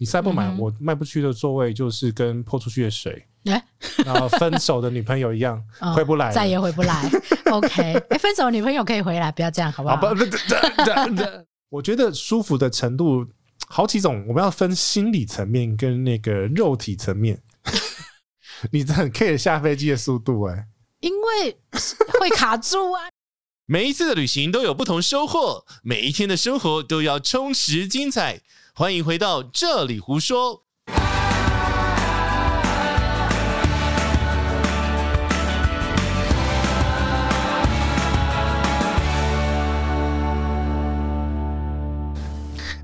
你塞不滿，嗯，我賣不出的座位就是跟潑出去的水，嗯，然後分手的女朋友一樣，欸，回不來哦，再也回不來。 OK，欸，分手的女朋友可以回來，不要這樣，好不好？好不呃呃呃呃、 我覺得舒服的程度好幾種，我們要分心理層面跟那個肉體層面。 你很 care 可以下飛機的速度，欸，因為會卡住啊。每一次的旅行都有不同收穫，每一天的生活都要充實精彩。歡迎回到這裡胡說。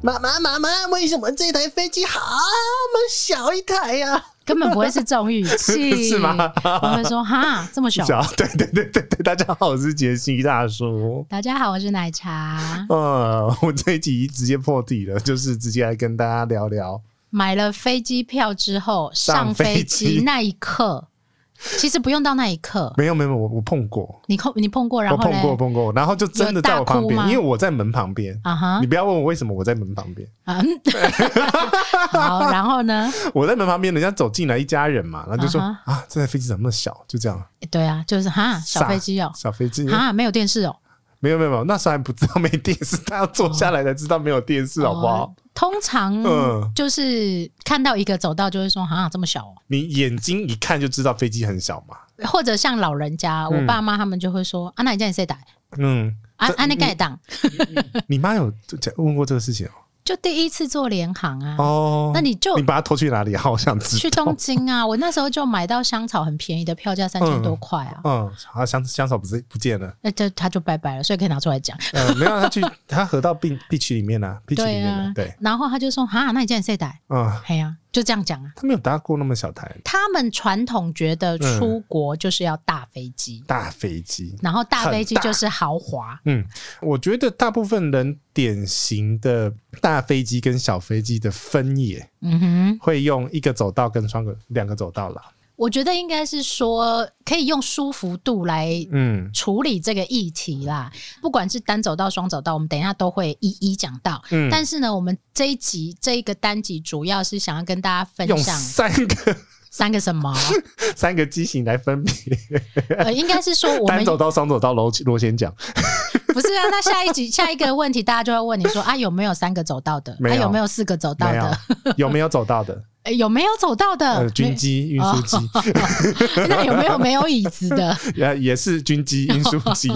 媽媽媽媽，為什麼這台飛機好麼小一台呀、啊？根本不會是這種語氣， 是嗎？ 他們說哈，這麼小， 對對對對對，大家好，我是傑西大叔，大家好，我是奶茶。嗯、呃，我這一集直接破題了，就是直接來跟大家聊聊，買了飛機票之後上飛機那一刻。其實不用到那一刻，沒有沒有，我我碰過，你碰你碰過，然後我碰過碰過，然後就真的在我旁邊，因為我在門旁邊啊哈，uh -huh. 你不要問我為什麼我在門旁邊啊。Uh -huh. 好，然後呢？我在門旁邊，人家走進來一家人嘛，然後就說、uh -huh. 啊，這台飛機怎麼那麼小？就這樣，uh -huh. 對啊，就是哈，小飛機哦，小飛機哈，沒有電視哦，沒有沒有沒有，那時候還不知道沒電視，他要坐下來才知道沒有電視，oh. 好不好？通常就是看到一個走道就會說：“嗯、啊，這麼小哦、啊。”你眼睛一看就知道飛機很小嘛。或者像老人家，嗯、我爸媽他們就會說：“啊，那你叫你誰打？”嗯，啊那、嗯嗯、 你該當。你媽有問過這個事情哦、喔。就第一次做聯航啊，哦，那你就你把它拖去哪裡啊？我想知去東京啊！我那時候就買到香草很便宜的票價三千多塊啊。嗯，好、嗯、香香草不是不見了？那他就拜拜了，所以可以拿出來講。嗯、呃，沒有他去他合到 B B 區裡面了，B 區裡面對、啊。然後他就說：“哈、 啊，那你叫你誰帶？”嗯，嘿呀、啊。就這樣講啊，他沒有搭過那麼小台。他們傳統覺得出國就是要大飛機、嗯，大飛機，然後大飛機就是豪華。嗯，我覺得大部分人典型的大飛機跟小飛機的分野，嗯哼，會用一個走道跟雙個兩個走道了。我覺得應該是說，可以用舒服度來嗯處理這個議題啦。嗯、不管是單走道、雙走道，我們等一下都會一一講到。嗯，但是呢，我們這一集這一個單集主要是想要跟大家分享三個三個什麼 三個機型來分別。呃，應該是說我們單走道、雙走道，螺、螺旋槳。 不是啊，那下一集下一個問題，大家就會問你說啊，有沒有三個走道的？沒有，啊、有沒有四個走道的有？有沒有走道的 、呃？有沒有走道的？啊、軍機運輸機。 那有沒有沒有椅子的？也也是軍機運輸機。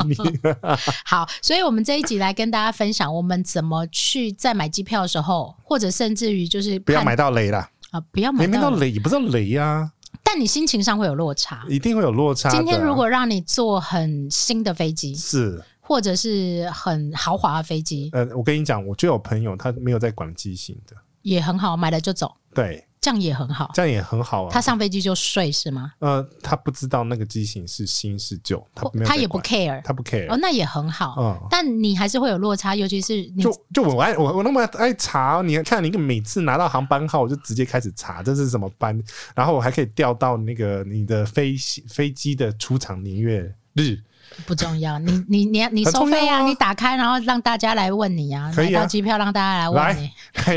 好，所以我們這一集來跟大家分享，我們怎麼去在買機票的時候，或者甚至於就是不要買到雷啦。啊，不要買到雷，沒沒到雷不是雷啊，但你心情上會有落差，一定會有落差、啊。今天如果讓你坐很新的飛機，是。或者是很豪華的飛機，呃，我跟你講，我就有朋友他沒有在管機型的，也很好，買了就走，對，這樣也很好，這樣也很好啊。他上飛機就睡是嗎？呃，他不知道那個機型是新是舊，他沒有，哦，他也不 care，他不 care，哦，那也很好，嗯。但你還是會有落差，尤其是你就就我愛我我那麼愛查，你看你每次拿到航班號，我就直接開始查這是什麼班，然後我還可以調到那個你的飛行飛機的出廠年月日。不重要，你你你你收費啊！你打開然後讓大家來問你啊，買張機票讓大家來問你，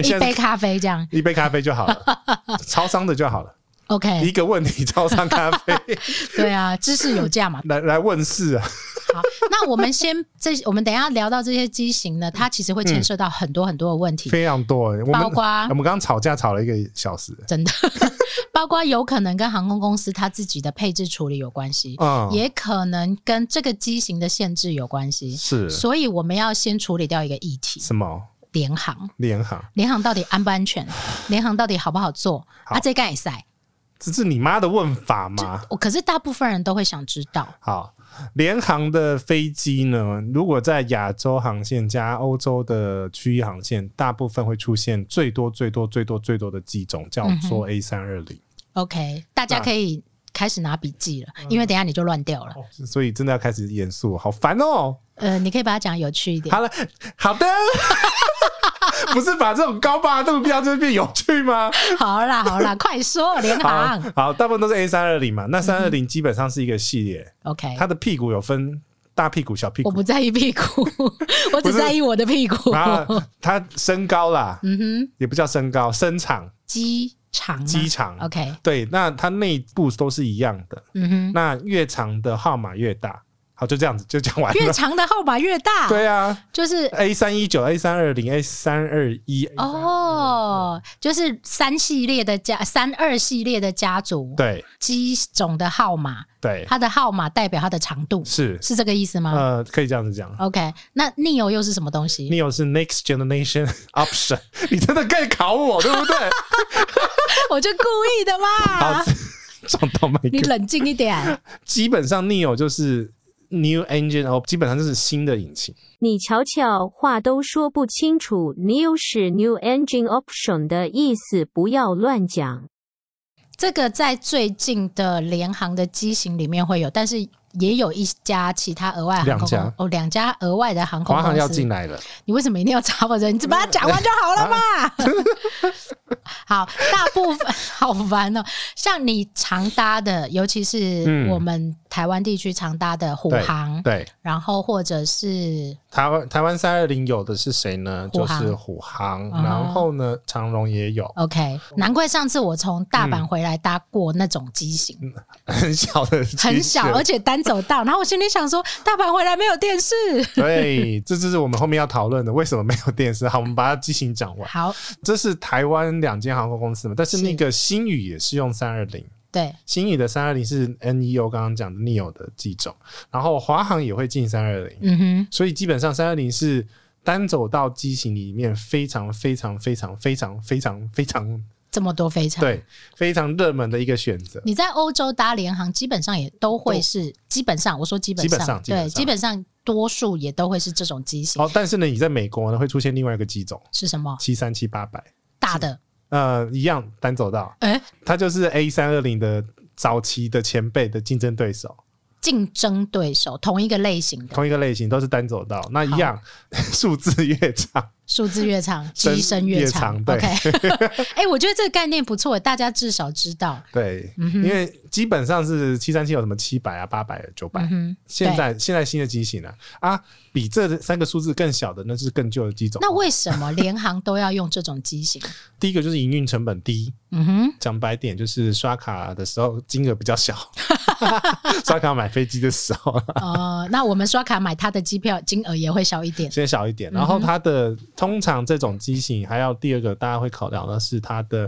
一杯咖啡這樣，一杯咖啡就好了， 超商的就好了。OK，一個問題，超商咖啡。 對啊，知識有價嘛。 來來問事啊。好，那我們先這，我們等一下聊到這些機型呢、嗯，它其實會牽涉到很多很多的問題，嗯、非常多。包括我們剛剛吵架吵了一個小時，真的。 包括有可能跟航空公司它自己的配置處理有關係、嗯，也可能跟這個機型的限制有關係。是，所以我們要先處理掉一個議題。什麼？聯航？聯航？聯航到底安不安全？聯 航到底好不好做？好啊，這個也塞。這是你媽的問法嗎？我可是大部分人都會想知道。好，聯航的飛機呢？如果在亞洲航線加歐洲的區域航線，大部分會出現最多最多最多最多的機種，叫做 A320。OK，大家可以開始拿筆記了，因為等一下你就亂掉了，嗯哦。所以真的要開始嚴肅，好煩哦。呃，你可以把它講有趣一點。好了，好的。 不是把這種高八度標就變有趣嗎？ 好啦好啦，快說廉航好、啊。好，大部分都是 A 三二零嘛，那三二零基本上是一個系列。 OK，它的屁股有分大屁股、小屁股。我不在意屁股， 我只在意我的屁股。然後它身高啦，嗯哼，也不叫身高，身長。機長，機長。OK，對，那它內部都是一樣的。嗯哼，那越長的號碼越大。好，就這樣子就講完了。越長的號碼越大，對啊，就是 A 三一九 A 三二零 A 三二一哦，就是三系列的家三二系列的家族對機種的號碼對，它的號碼代表它的長度是是這個意思嗎？呃，可以這樣子講。OK，那 Neo 又是什麼東西？Neo 是 Next Generation Option， 你真的可以考我， 對不對？ 我就故意的嘛。 撞到，撞到麥你冷靜一點。 基本上 Neo 就是。New engine，然後基本上就是新的引擎。你瞧瞧，話都說不清楚。New 是 new engine option 的意思，不要亂講。這個在最近的聯航的機型裡面會有，但是也有一家其他額外航空公司哦，兩家額外的航空公司，哦，航空公司你為什麼一定要查我的人？人你只把它講完就好了嘛。 啊 好，大部分 好煩哦、喔。像你常搭的，尤其是我們台灣地區常搭的虎航、嗯，對，對，然後或者是台灣台灣320有的是誰呢？就是虎航，哦、然後呢，長榮也有。OK，難怪上次我從大阪回來搭過那種機型、嗯、型，很小的，很小，而且單走道。 然後我心裡想說，大阪回來沒有電視。對，這就是我們後面要討論的， 為什麼沒有電視？好，我們把它機型講完。好，這是台灣兩。兩間航空公司嘛，但是那個星宇也是用三二零，對，星宇的三二零是 NEO，剛剛講的 NEO 的機種，然後華航也會進三二零，嗯哼，所以基本上三二零是單走道機型裡面非常非常非常非常非常非常這麼多非常對非常熱門的一個選擇。你在歐洲搭聯航基本上也都會是，基本上我說基本上,基本上對，基本上多數也都會是這種機型。哦，但是呢，你在美國呢會出現另外一個機種是什麼？七三七八百大的。呃，一樣單走道，誒、欸，他就是 A 三二零的早期的前輩的競爭對手，競爭對手同一，同一個類型，同一個類型，都是單走道，那一樣數字越差。數字越長，機身越長。長對，哎、okay. 欸，我覺得這個概念不錯，大家至少知道。對，嗯、因為基本上是七三七有什麼七百啊、八百、啊、九百、嗯。現在現在新的機型呢啊，啊，比這三個數字更小的，那就是更舊的機種，啊。那為什麼廉航，都要用這種機型？ 第一個就是營運成本低。嗯哼，講白點就是刷卡的時候金額比較小， 刷卡買飛機的時候。哦、 呃，那我們刷卡買它的機票金額也會小一點，先小一點，然後它的。嗯通常這種機型還要第二個大家會考量的是它，的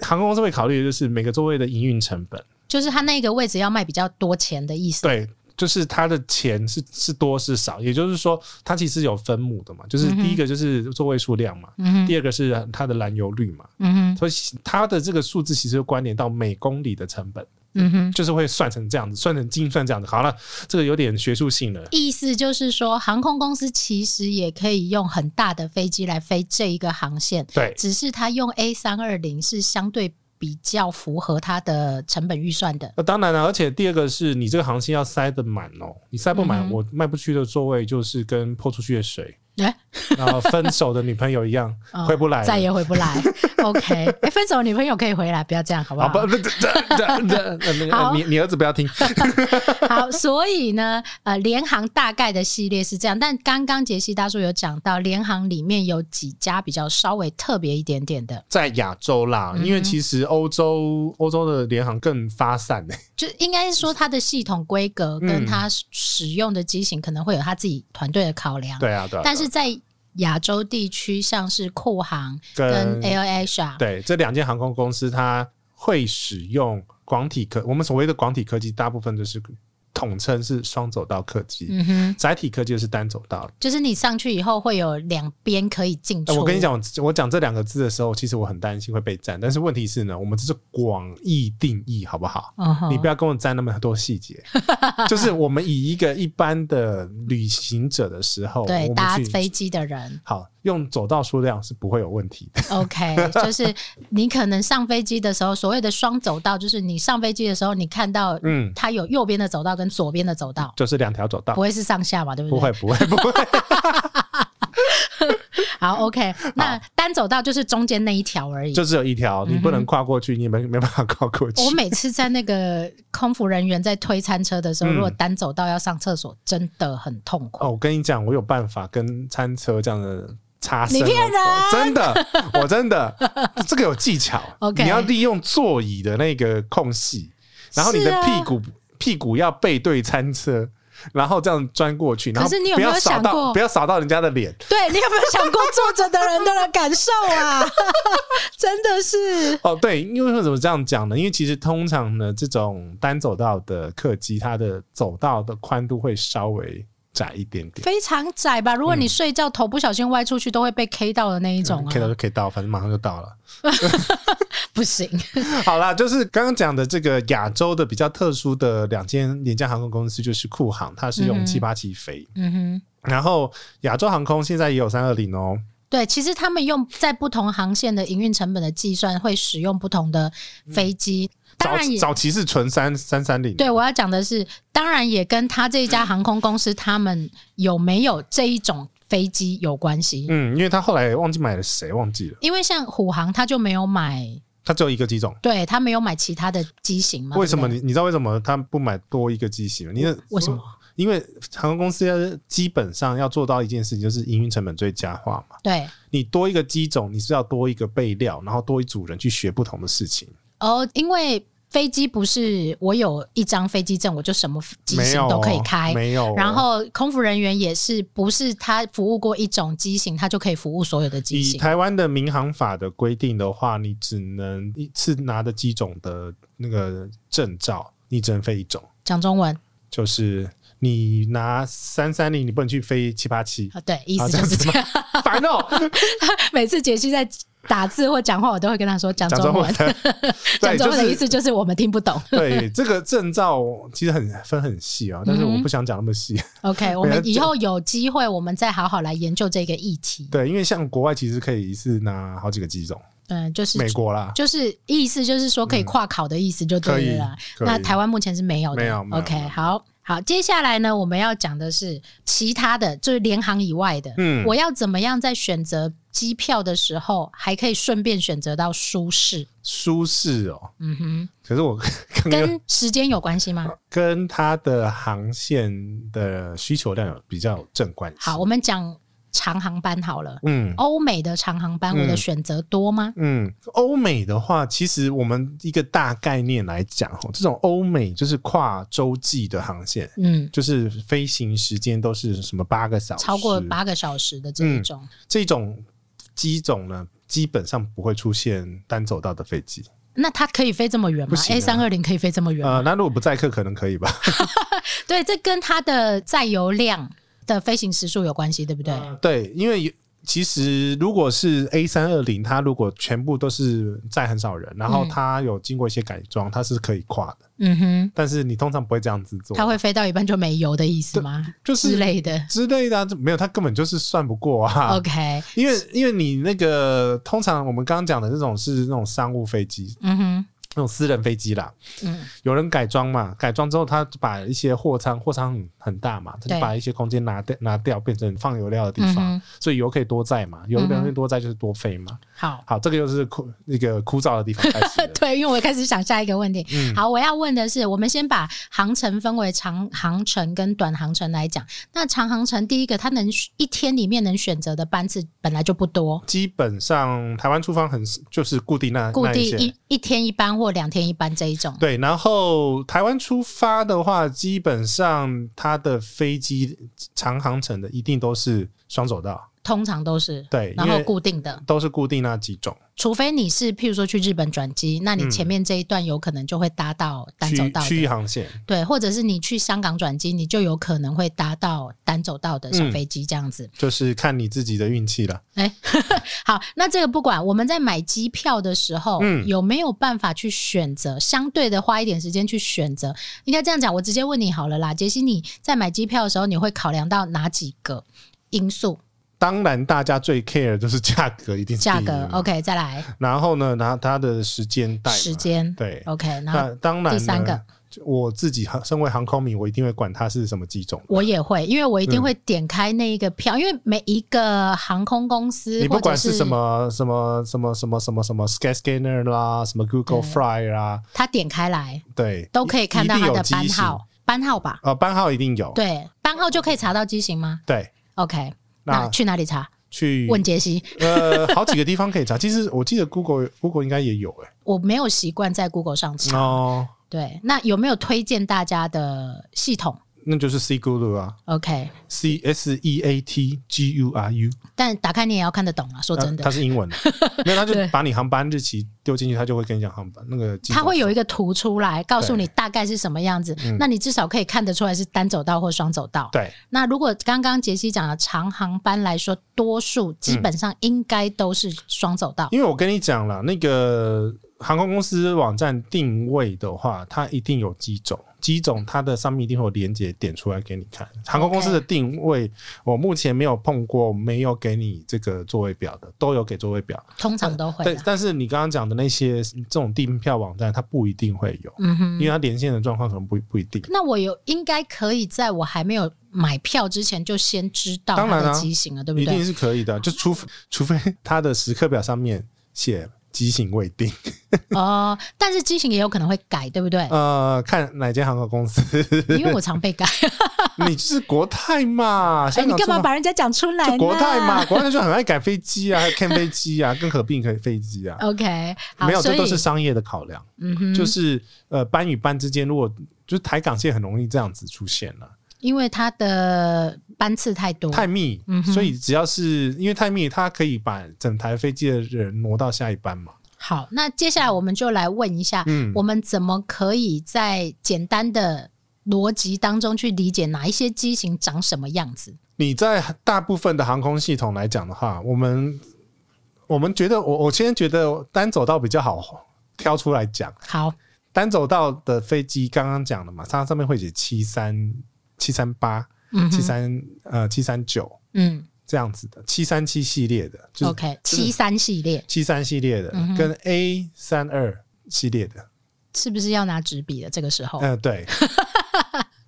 航空公司會考慮的就是每個座位的營運成本，就是它那個位置要賣比較多錢的意思。對，就是它的錢是是多是少，也就是說它其實有分母的嘛，就是第一個就是座位數量嘛，嗯，第二個是它的燃油率嘛，嗯哼，所以它的這個數字其實就關聯到每公里的成本。嗯哼，就是會算成這樣子，算成精算這樣子。好了，這個有點學術性了。意思就是說航空公司其實也可以用很大的飛機來飛這一個航線，對，只是他用 A 三二零是相對比較符合他的成本預算的。當然了，而且第二個是你這個航線要塞得滿哦，你塞不滿、嗯，我賣不出去的座位就是跟潑出去的水、欸，然後分手的女朋友一樣， 哦、回不來，再也回不來。 OK，哎、 欸，分手女朋友可以回來，不要這樣，好不好？不，那 個、呃呃、 你你兒子不要聽。 好，所以呢，呃，聯航大概的系列是這樣，但剛剛傑西大叔有講到，聯航裡面有幾家比較稍微特別一點點的，在亞洲啦、嗯，因為其實歐洲歐洲的聯航更發散誒、欸，就應該是說它的系統規格跟它使用的機型可能會有他自己團隊的考量。對啊，對啊。但是在亞洲地區，像是酷航跟 LH 啊跟，對，這兩間航空公司，它會使用廣體機，我們所謂的廣體客機，大部分都是。統稱是雙走道客機，嗯哼，窄體客機就是單走道，就是你上去以後會有兩邊可以進去。嗯、我跟你講，我講這兩個字的時候，其實我很擔心會被占，但是問題是呢，我們這是廣義定義，好不好？哦、你不要跟我占那麼多細節， 就是我們以一個一般的旅行者的時候，對搭飛機的人好。用走道數量是不會有問題的。OK，就是你可能上飛機的時候， 所謂的雙走道，就是你上飛機的時候，你看到嗯，它，有右邊的走道跟左邊的走道，嗯、就是兩條走道，不會是上下吧，對不對？不會，不會，不會 好。Okay, 好，OK，那單走道就是中間那一條而已，就只，是，有一條，你不能跨過去，嗯、你沒沒辦法跨過去。我每次在那個空服人員在推餐車的時候，嗯、如果單走道要上廁所，真的很痛苦。哦，我跟你講，我有辦法跟餐車這樣的。擦身，你騙人！真的，我真的， 這個有技巧，okay。你要利用座椅的那個空隙，然後你的屁股，啊、屁股要背對餐車，然後這樣鑽過去，然後不要掃到。可是你有沒有想過，不要掃到人家的臉？對你有沒有想過坐着的人的感受啊？ 真的是。哦，oh，對，因為為什麼這樣講呢？因為其實通常呢，這種單走道的客機，它的走道的寬度會稍微。窄一點點，非常窄吧？如果你睡覺頭不小心歪出去、嗯，都會被 K 到的那一種、啊嗯、K 到就可以到，反正馬上就到了。 不行，好啦，就是剛剛講的這個亞洲的比較特殊的兩間廉價航空公司，就是酷航，它是用七八七飛，嗯，嗯哼。然後亞洲航空現在也有三二零哦，對，其實他們用在不同航線的營運成本的計算，會使用不同的飛機。嗯早早期是純三三三零。對，我要講的是，當然也跟他這一家航空公司他們有沒有這一種飛機有關係、嗯。嗯，因為他後來忘記買了誰忘記了。因為像虎航，他就沒有買，他只有一個機種。對，他沒有買其他的機型嘛。為什麼？你你知道為什麼他不買多一個機型嗎？因為什麼？因為航空公司基本上要做到一件事情，就是營運成本最佳化嘛。對，你多一個機種，你是要多一個備料，然後多一組人去學不同的事情。哦，因為飛機不是我有一張飛機證，我就什麼機型都可以開沒。沒有，然後空服人員也是不是他服務過一種機型，他就可以服務所有的機型。以台灣的民航法的規定的話，你只能一次拿的機種的那個證照、嗯，你只能飛一種。講中文，就是你拿三三零，你不能去飛七八七啊？對，意思就是這樣。煩哦，他、 喔、每次傑西在。打字或講話，我都會跟他說講中文，講中文的。講、就是、 中文的意思就是我們聽不懂對、就是。對，這個證照其實很分很細啊嗯嗯，但是我不想講那麼細、嗯。OK，我們以後有機會，我們再好好來研究這個議題。對，因為像國外其實可以一次拿好幾個機種，嗯，就是美國啦，就是意思就是說可以跨考的意思，就對了、嗯。那台灣目前是沒有，的沒有，沒有。OK，好。好，接下來呢，我們要講的是其他的，就是聯航以外的。嗯，我要怎麼樣在選擇機票的時候，還可以順便選擇到舒適？舒適哦，嗯哼。可是我跟時間有關係嗎？跟它的航線的需求量有比較正關係、嗯。好，我們講。長航班好了，嗯，歐美的長航班我的選擇多嗎？嗯，歐美的話，其實我們一個大概念來講，哈，這種歐美就是跨洲際的航線，嗯，就是飛行時間都是什麼八個小時，超過八個小時的這一種，嗯，這種機種呢，基本上不會出現單走道的飛機。那它可以飛這麼遠嗎？A 三二零可以飛這麼遠？呃，那如果不載客，可能可以吧？ 對，這跟它的載油量。的飛行時速有關係，對不對？嗯，對，因為其實如果是 A 三二零，它如果全部都是載很少人，然後它有經過一些改裝，它是可以跨的。嗯哼。但是你通常不會這樣子做。它會飛到一半就沒油的意思嗎？就是之類的之類的，沒有，它根本就是算不過啊。OK，因為因為你那個通常我們剛剛講的這種是那種商務飛機。嗯哼。那種私人飛機啦，嗯，有人改裝嘛？改裝之後，他把一些貨艙，貨艙很大嘛，他就把一些空間拿掉，拿掉變成放油料的地方，嗯、所以油可以多載嘛，油可以多載就是多飛嘛、嗯。好，好，這個又是枯那個枯燥的地方開始。 對，因為我開始想下一個問題。嗯，好，我要問的是，我們先把航程分為長航程跟短航程來講。那長航程，第一個，它能一天裡面能選擇的班次本來就不多，基本上台灣出發很就是固定那,那一固定一一天一班。或兩天一班這一種。對，然後台灣出發的話，基本上它的飛機，長航程的，一定都是雙走道。通常都是對，然後固定的都是固定那幾種，除非你是譬如說去日本轉機，那你前面這一段有可能就會搭到單走道區域航線，對，或者是你去香港轉機，你就有可能會搭到單走道的小飛機這樣子，嗯、就是看你自己的運氣了。哎， 好，那這個不管我們在買機票的時候，嗯、有沒有辦法去選擇相對的花一點時間去選擇？應該這樣講，我直接問你好了啦，杰西，你在買機票的時候，你會考量到哪幾個因素？當然，大家最 care 就是價格，一定價格。OK，再來。然後呢，然後它的時間帶時間，對。OK，那當然第三個，我自己身為航空迷，我一定會管它是什麼機種。我也會，因為我一定會點開那一個票，因為每一個航空公司，你不管是什麼什麼什麼什麼什麼什麼 Skyscanner 啦，什麼 Google Fly 啦，它點開來，對，都可以看到他的班號，班號吧？呃，班號一定有。對，班號就可以查到機型嗎？對，OK。那，那去哪裡查？去問杰西。呃，好幾個地方可以查。 其實我記得 Google Google 應該也有誒、欸，我沒有習慣在 Google 上查。哦、no.，對，那有沒有推薦大家的系統？那就是 SeatGuru 啊，OK C S E A T G U R U，但打開你也要看得懂啊，說真的，啊、它是英文的，沒有 他就把你航班日期丟進去，他就會跟你講航班那個。他會有一個圖出來，告訴你大概是什麼樣子。那你至少可以看得出來是單走道或雙走道。對、嗯，那如果剛剛傑西講的長航班來說，多數基本上應該都是雙走道、嗯。因為我跟你講了，那個航空公司網站定位的話，它一定有機種。機種，它的上面一定會有連接點出來給你看。航空公司的定位，我目前沒有碰過，沒有給你這個座位表的，都有給座位表，通常都會。但但是你剛剛講的那些這種訂票網站，它不一定會有，嗯哼，因為它連線的狀況可能不不一定。那我有應該可以在我還沒有買票之前就先知道，它的機型了，啊，對不對？一定是可以的，就除非除非它的時刻表上面寫。機型未定哦，但是機型也有可能會改，對不對？呃，看哪間航空公司，因為我常被改。 你是國泰嘛？欸欸、你幹嘛把人家講出來？國泰嘛，國泰就很愛改飛機啊，還有看 飛機啊，更 合併可以飛機啊。OK，沒有，這都是商業的考量。嗯哼、就是呃，班與班之間，如果就是台港線很容易這樣子出現了、啊。因為它的班次太多，太密，嗯、所以只要是因為太密，它可以把整台飛機的人挪到下一班嘛。好，那接下來我們就來問一下，嗯、我們怎麼可以在簡單的邏輯當中去理解哪一些機型長什麼樣子？你在大部分的航空系統來講的話，我們我們覺得，我我先覺得單走道比較好挑出來講。好，單走道的飛機剛剛講了嘛，它上面會寫七三。七三八，七三呃七三九，739, 嗯，這樣子的七三七系列的、就是、OK，七三系列，就是、七三系列的、嗯、跟 A 三二系列的，是不是要拿紙筆的這個時候？嗯、呃，對。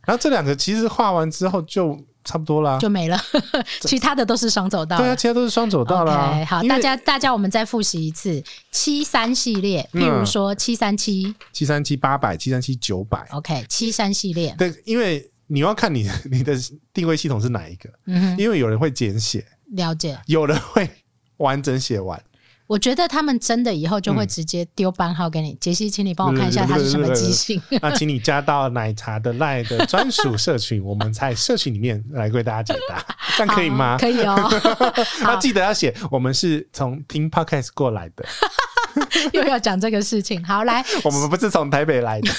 然後這兩個其實畫完之後就差不多啦， 就沒了。 其他的都是雙走道，對啊，其他都是雙走道啦、啊。Okay, 好，大家大家我們再複習一次七三系列，譬如說七三七、七三七八百、七三七九百，OK，七三系列。對，因為你要看你你的訂位系統是哪一個？嗯、因為有人會簡寫，了解，有人會完整寫完。我覺得他們真的以後就會直接丟班號給你。傑、嗯、西，請你幫我看一下他是什麼機型、嗯嗯嗯嗯。那請你加到奶茶的賴的專屬社群， 我們在社群裡面來為大家解答， 這樣可以嗎？可以哦。 要記得要寫，我們是從聽 Podcast 過來的。 又要講這個事情，好來， 我們不是從台北來的，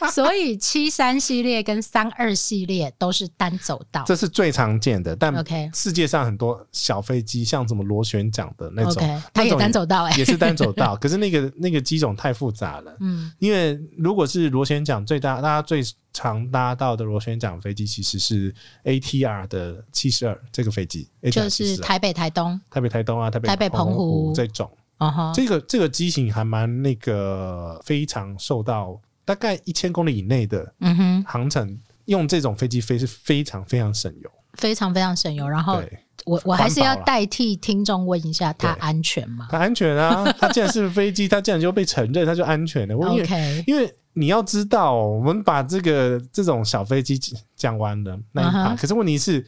所以七三系列跟三二系列都是單走道，這是最常見的。但世界上很多小飛機，像什麼螺旋槳的那種，它、okay, 也，也單走道哎、欸，也是單走道。 可是那個那個機種太複雜了，嗯，因為如果是螺旋槳最大，大家最常搭到的螺旋槳飛機其實是 A T R 的七十二這個飛機，就是台北台東、台北台東啊，台北台北澎湖，澎湖這種。Uh -huh. 這個這個機型還蠻那個，非常受到大概一千公里以內的航程，uh -huh. 用這種飛機飛是非常非常省油，非常非常省油。然後對我我還是要代替聽眾問一下，它安全嗎？它安全啊！ 它既然是飛機，它既然就被承認，它就安全的。因為、okay. 因為你要知道，我們把這個這種小飛機降完了那一、uh -huh. 可是問題是，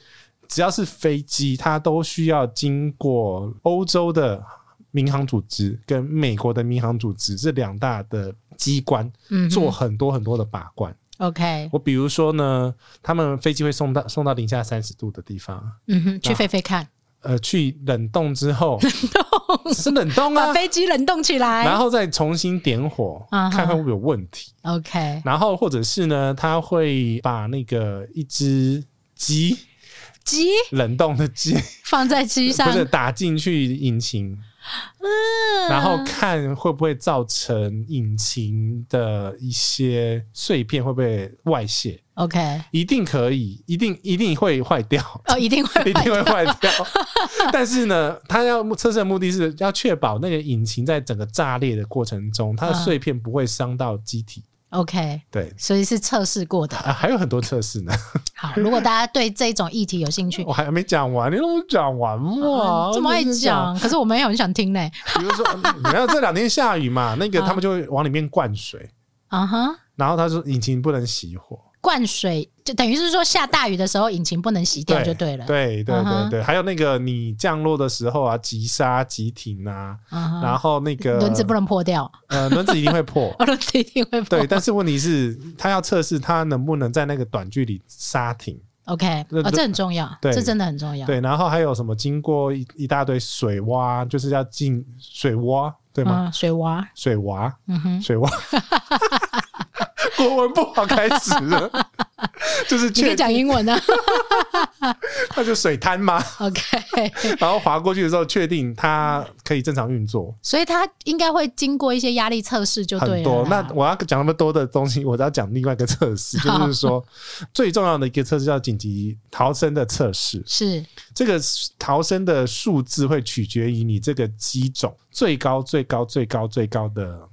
只要是飛機，它都需要經過歐洲的。民航組織跟美國的民航組織這兩大的機關、嗯、做很多很多的把關。OK，我比如說呢，他們飛機會送到送到零下三十度的地方，嗯哼，去飛飛看。呃，去冷凍之後，冷凍是冷凍啊， 把飛機冷凍起來，然後再重新點火，uh-huh、看看會不會有問題。OK，然後或者是呢，他會把那個一只雞，雞冷凍的雞放在機上，或 是打進去引擎。嗯、然後看會不會造成引擎的一些碎片會不會外泄？OK，一定可以，一定一定會壞掉。哦，一定會， 一定會壞掉。 但是呢，他要測試的目的是要確保那個引擎在整個炸裂的過程中，嗯、它的碎片不會傷到機體。OK，對，所以是測試過的，還有很多測試呢。好，如果大家對這種議題有興趣， 我還沒講完，你讓我講完嘛、啊？這麼愛講，可是我沒有很想聽呢。比如說，沒 有，這兩天下雨嘛，那個他們就會往裡面灌水啊哈，然後他說引擎不能熄火。Uh -huh 灌水就等於是說下大雨的時候，引擎不能洗掉就對了。對對對對，uh -huh. 對，還有那個你降落的時候啊，急剎急停啊，uh -huh. 然後那個輪子不能破掉。呃，輪子一定會破、， 哦、輪子一定會破。對，但是問題是，他要測試他能不能在那個短距離剎停。OK，、哦、這很重要對，這真的很重要。對，然後還有什麼？經過一一大堆水洼，就是要進水洼，對嗎？Uh -huh. 水洼，水洼，嗯哼 -huh.，水洼。國文不好，開始了， 就是確定你可以講英文啊 ，那就水灘嘛 OK，然後滑過去的時候，確定它可以正常運作，所以它應該會經過一些壓力測試，就很多。那我要講那麼多的東西，我要講另外一個測試，就是說最重要的一個測試叫緊急逃生的測試，是這個逃生的數字會取決於你這個機種最高最高最高最高的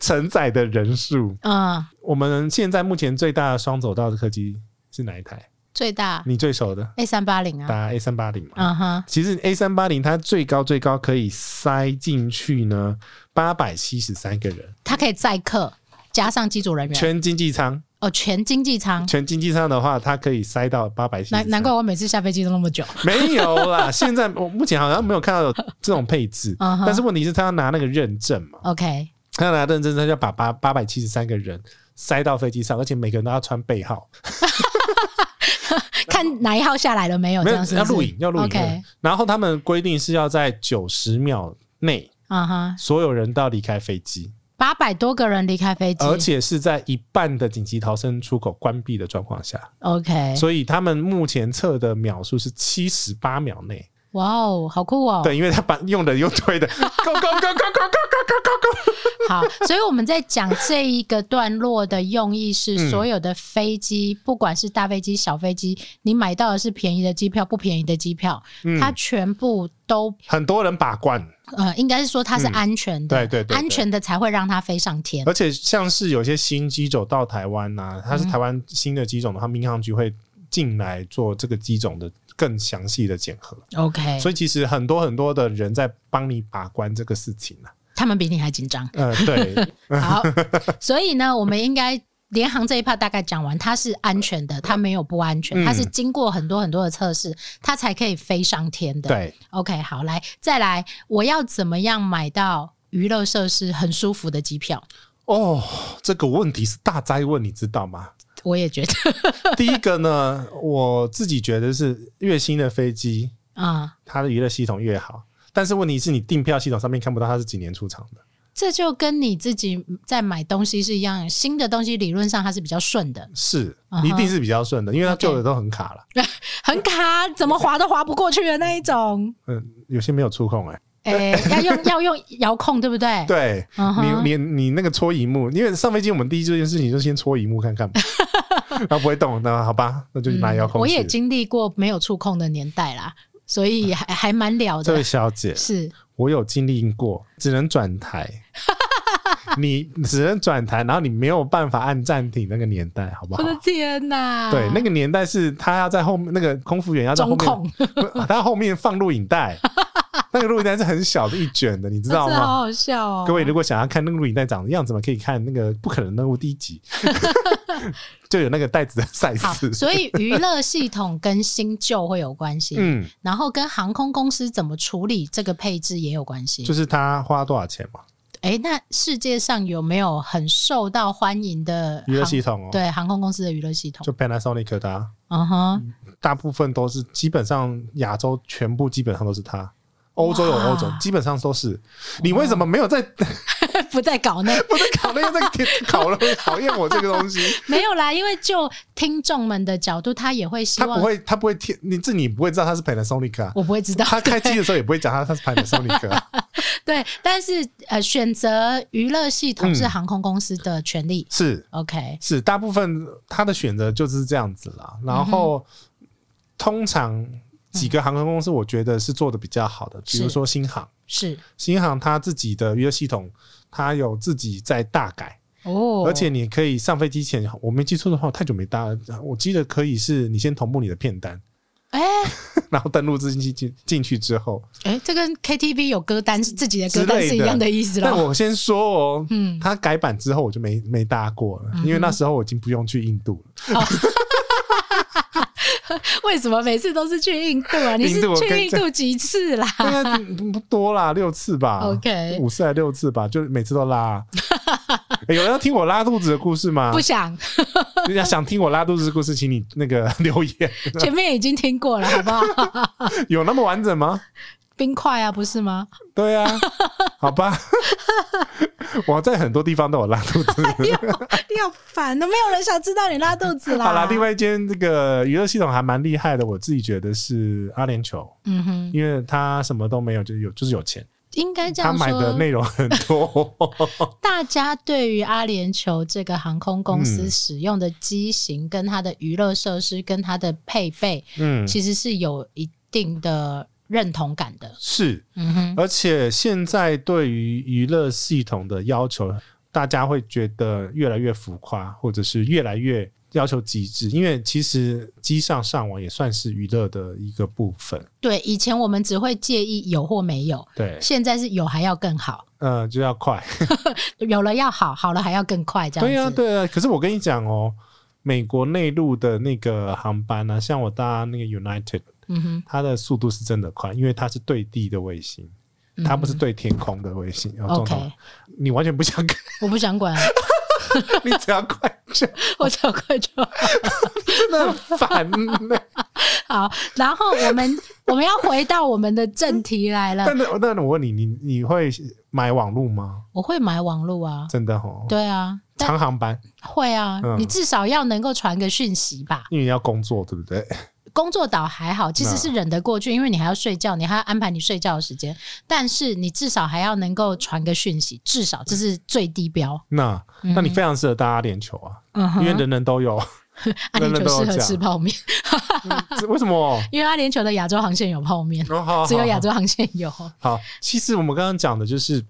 承載的人數啊。嗯我們現在目前最大的雙走道的客機是哪一台？最大，你最熟的 A 三八零啊，搭 A 三八零嘛，嗯、uh、哈 -huh，其實 A 三八零它最高最高可以塞進去呢，八百七十三個人。它可以載客加上機組人員，全經濟艙哦，全經濟艙，全經濟艙的話，它可以塞到八百七。難難怪我每次下飛機都那麼久。沒有啦， 現在我目前好像沒有看到有這種配置，uh -huh、但是問題是，它要拿那個認證嘛？OK，它要拿認證，它就把八八百七十三個人。塞到飛機上，而且每個人都要穿背號， 然後 看哪一號下來了沒有。是是沒有要錄影，要錄影。Okay. 然後他們規定是要在九十秒內，啊哈，所有人都要離開飛機。八百多個人離開飛機，而且是在一半的緊急逃生出口關閉的狀況下。OK，所以他們目前測的秒數是七十八秒內。哇哦，好酷哦！對，因為他把用的又推的，go go go go go go go go go go。好，所以我們在講這一個段落的用意是，所有的飛機、嗯，不管是大飛機、小飛機，你買到的是便宜的機票、不便宜的機票，它全部都很多人把關。呃，應該是說它是安全的，嗯、對，對，對對對，安全的才會讓它飛上天。而且像是有些新機種到台灣吶、啊，它是台灣新的機種的話，嗯、它民航局會進來做這個機種的。更詳細的檢核，OK，所以其實很多很多的人在幫你把關這個事情呢、啊。他們比你還緊張。嗯、呃，對。 好， 所以呢，我們應該聯航這一 part 大概講完，它是安全的，它沒有不安全，它是經過很多很多的測試、嗯，它才可以飛上天的。對，OK，好，來，再來，我要怎麼樣買到娛樂設施很舒服的機票？哦，這個問題是大哉問，你知道嗎？我也覺得，第一個呢， 我自己覺得是越新的飛機啊、嗯，它的娛樂系統越好。但是問題是，你訂票系統上面看不到它是幾年出廠的。這就跟你自己在買東西是一樣，新的東西理論上它是比較順的，是、uh -huh, 一定是比較順的，因為它舊的都很卡了，okay. 很卡，怎麼滑都滑不過去的那一種。 嗯，有些沒有觸控哎、欸，哎、欸，要用要用遙控對不 對？對、uh -huh、你你你那個搓屏幕，因為上飛機我們第一件事情就先搓屏幕看看吧 他 不會動的，那好吧，那就拿遙控器、嗯。我也經歷過沒有觸控的年代啦，所以還、嗯、還蠻了的。這位小姐，是我有經歷過，只能轉台， 你只能轉台，然後你沒有辦法按暫停那個年代，好不好？我的天哪！對，那個年代是他要在後面，那個空服員要在後面，他後面放錄影帶。 那個錄影帶是很小的一卷的，你知道嗎？真好好笑哦！各位如果想要看那個錄影帶長的樣子嘛，怎麼可以看那個《不可能的任務》第一集， 就有那個帶子的 size。所以娛樂系統跟新舊會有關係，嗯， 然後跟航空公司怎麼處理這個配置也有關係，就是它花多少錢嘛。哎、欸，那世界上有沒有很受到歡迎的娛樂系統？哦，對，航空公司的娛樂系統就 Panasonic 的，啊、uh、哈 -huh，大部分都是基本上亞洲全部基本上都是它。歐洲有歐洲，基本上都是、哦。你為什麼沒有在、哦、 不在搞呢？不在搞了又在搞了，討厭我這個東西。沒有啦，因為就聽眾們的角度，他也會希望他不會，他不會聽，你自你不會知道他是 Panasonic 啊。我不會知道。他開機的時候也不會講他他是 Panasonic、啊。對, 對，但是呃，選擇娛樂系統是航空公司的權利。嗯、是 OK，是大部分他的選擇就是這樣子啦。然後、嗯、通常。幾個航空公司，我覺得是做的比較好的，比如說新航。是新航，他自己的娛樂系統，他有自己在大改哦。而且你可以上飛機前，我沒記錯的話，我太久沒搭，我記得可以是你先同步你的片單，欸、 然後登錄自己進進去之後、欸，這跟 KTV 有歌單是自己的歌單是一樣的意思。那我先說哦，嗯，他改版之後我就沒沒搭過了，因為那時候我已經不用去印度了。嗯 為什麼每次都是去印度啊？你是去印度，度幾次啦？不多啦，六次吧。OK，五次還六次吧，就每次都拉、啊 欸。有人要聽我拉肚子的故事嗎？不想。 人家想聽我拉肚子的故事，請你那個留言。前 面已經聽過了，好不好？ 有那麼完整嗎？冰塊啊，不是嗎？對呀、啊， 好吧， 我在很多地方都有拉肚子 你好，好煩的，沒有人想知道你拉肚子啦。好啦，另外一間這個娛樂系統還蠻厲害的，我自己覺得是阿聯酋，嗯哼，因為他什麼都沒有，就是、有就是有錢，應該這樣說，他買的內容很多。 大家對於阿聯酋這個航空公司使用的機型、跟它的娛樂設施、跟它的配備，嗯，其實是有一定的。認同感的是，嗯哼，而且現在對於娛樂系統的要求，大家會覺得越來越浮誇，或者是越來越要求極致。因為其實機上上網也算是娛樂的一個部分。對，以前我們只會介意有或沒有，對，現在是有還要更好，嗯、呃，就要快， 有了要好，好了還要更快，這樣。對啊，對啊。可是我跟你講哦、喔，美國內陸的那個航班呢、啊，像我搭那個 United。嗯哼，它的速度是真的快，因為它是對地的衛星、嗯，它不是對天空的衛星。嗯、o、okay、K，你完全不想管，我不想管， 你只要快，我只要快就好，那煩呢？ 好，然後我們我們要回到我們的正題來了。 那那我問你，你你會買網絡嗎？我會買網絡啊，真的哦？對啊，長航班會啊、嗯，你至少要能夠傳個訊息吧，因為要工作，對不對？工作倒還好，其實是忍得過去，因為你還要睡覺，你還要安排你睡覺的時間。但是你至少還要能夠傳個訊息，至少這是最低標。那、嗯、那你非常適合搭阿聯酋啊、嗯，因為人人都有。嗯、人人都有阿聯酋適合吃泡麵、 嗯，為什麼？因為阿聯酋的亞洲航線有泡麵、哦，只有亞洲航線有。好，其實我們剛剛講的就是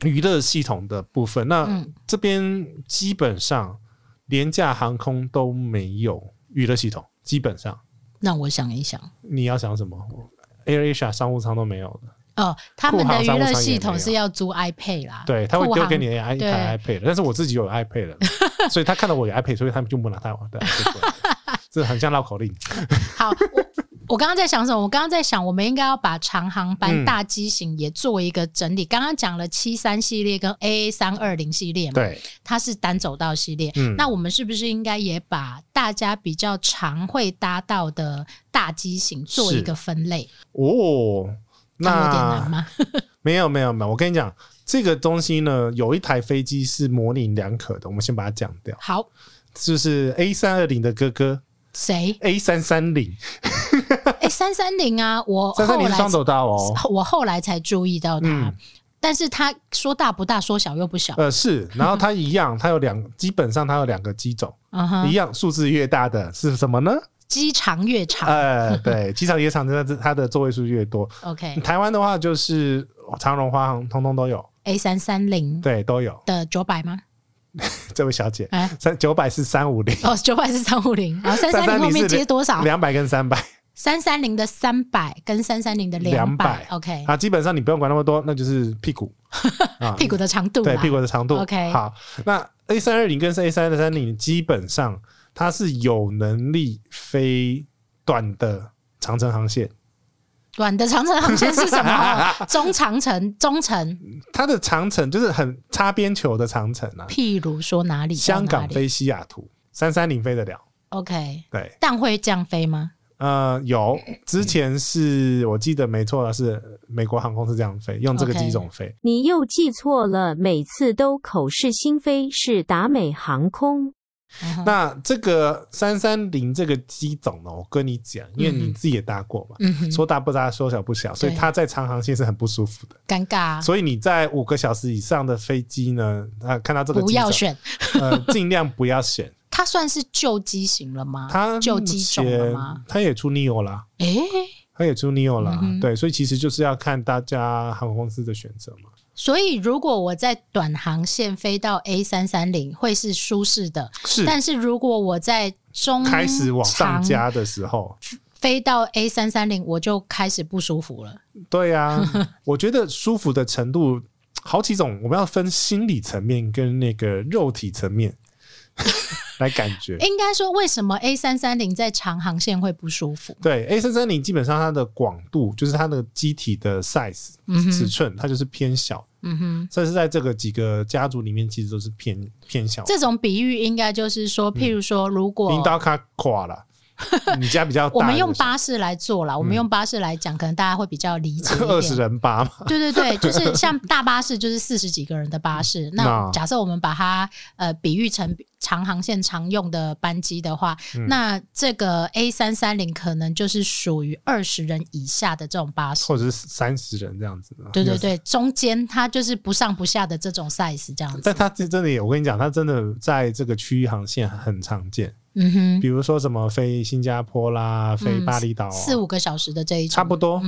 娛樂系統的部分。那這邊基本上廉價航空都沒有娛樂系統，基本上。那我想一想，你要想什麼？AirAsia 商務艙都沒有的哦，他們的娛樂系統是要租 iPad 啦。對，他會丟給你一台 iPad，但是我自己有 iPad 了， 所以他看到我有 iPad，所以他們就不拿他對， 這很像繞口令。 好。我 我剛剛在想什麼？我剛剛在想，我們應該要把長航班、大機型也做一個整理。剛剛講了七三系列跟 A 三二零系列嘛，對，它是單走道系列。嗯、那我們是不是應該也把大家比較常會搭到的大機型做一個分類？哦，那有點難嗎？ 沒有沒有沒有，我跟你講，這個東西呢，有一台飛機是模棱兩可的，我們先把它講掉。好，就是 A 三二零的哥哥，誰？A 三三零。A330 三三零啊，我後來、雙走道哦、我後來才注意到哦，我後來才注意到它、嗯，但是它說大不大，說小又不小。呃，是，然後它一樣，它有兩，基本上它有兩個機種， 一樣數字越大的是什麼呢？機、uh、長 -huh、越長，呃，對，機長越長，它的座位數越多。OK， 台灣的話就是長榮、華航通通都有 A 三三零，A330、對，都有的九百嗎？ 這位小姐，欸、三九百是三五零哦，九百是三五零，然後三三零後面接多少？兩百跟三百。三三零的三百跟三三零的兩百，OK 啊，基本上你不用管那麼多，那就是屁股，嗯、 屁股屁股的長度，對屁股的長度，OK 好。那 A 三二零跟 a A 三三零，基本上它是有能力飛短的長程航線。短的長程航線是什麼？ 中長程，中程？它的長程就是很擦邊球的長程啊。譬如說哪裡，哪裡？香港飛西雅圖，三三零飛得了，OK 對，但會這樣飛嗎？呃，有之前是我記得沒錯的，是美國航空是這樣飛，用這個機種飛。Okay. 你又記錯了，每次都口是心非，是達美航空。Uh -huh. 那這個三三零這個機種呢，我跟你講，因為你自己也搭過嘛，嗯、說大不大，說小不小，嗯，所以它在長航線是很不舒服的，尷尬。所以你在五個小時以上的飛機呢，啊、呃，看到這個機種不要選， 呃，盡量不要選。它 算是舊機型了嗎？它舊機型了嗎？它也出 Neo 了，哎、欸，它也出 Neo 了，嗯。對，所以其實就是要看大家航空公司的選擇嘛。所以，如果我在短航線飛到 A 三三零，會是舒適的。是，但是如果我在中開始往上加的時候，飛到 A 三三零，我就開始不舒服了。對呀、啊， 我覺得舒服的程度好幾種，我們要分心理層面跟那個肉體層面。 來感覺，應該說為什麼 A330 在長航線會不舒服？對，A330 基本上它的廣度，就是它的機體的 size、嗯、尺寸，它就是偏小。嗯哼，但是在這個幾個家族裡面，其實都是偏偏小。這種比喻，應該就是說，譬如說，如果冰刀卡垮了。嗯 你家比較大，我們用巴士來做啦。我們用巴士來講、嗯，可能大家會比較理解。二十人巴嘛，對對對，就是像大巴士，就是四十幾個人的巴士。 那假設我們把它呃比喻成長航線常用的班機的話、嗯，那這個 A 三三零可能就是屬於二十人以下的這種巴士，或者是三十人這樣子的。對對對，就是，中間它就是不上不下的這種 size 這樣子。但它真的也，我跟你講，它真的在這個區域航線很常見。嗯哼，比如說什麼飛新加坡啦，飛巴厘島、啊，四、嗯、五個小時的這一種，差不多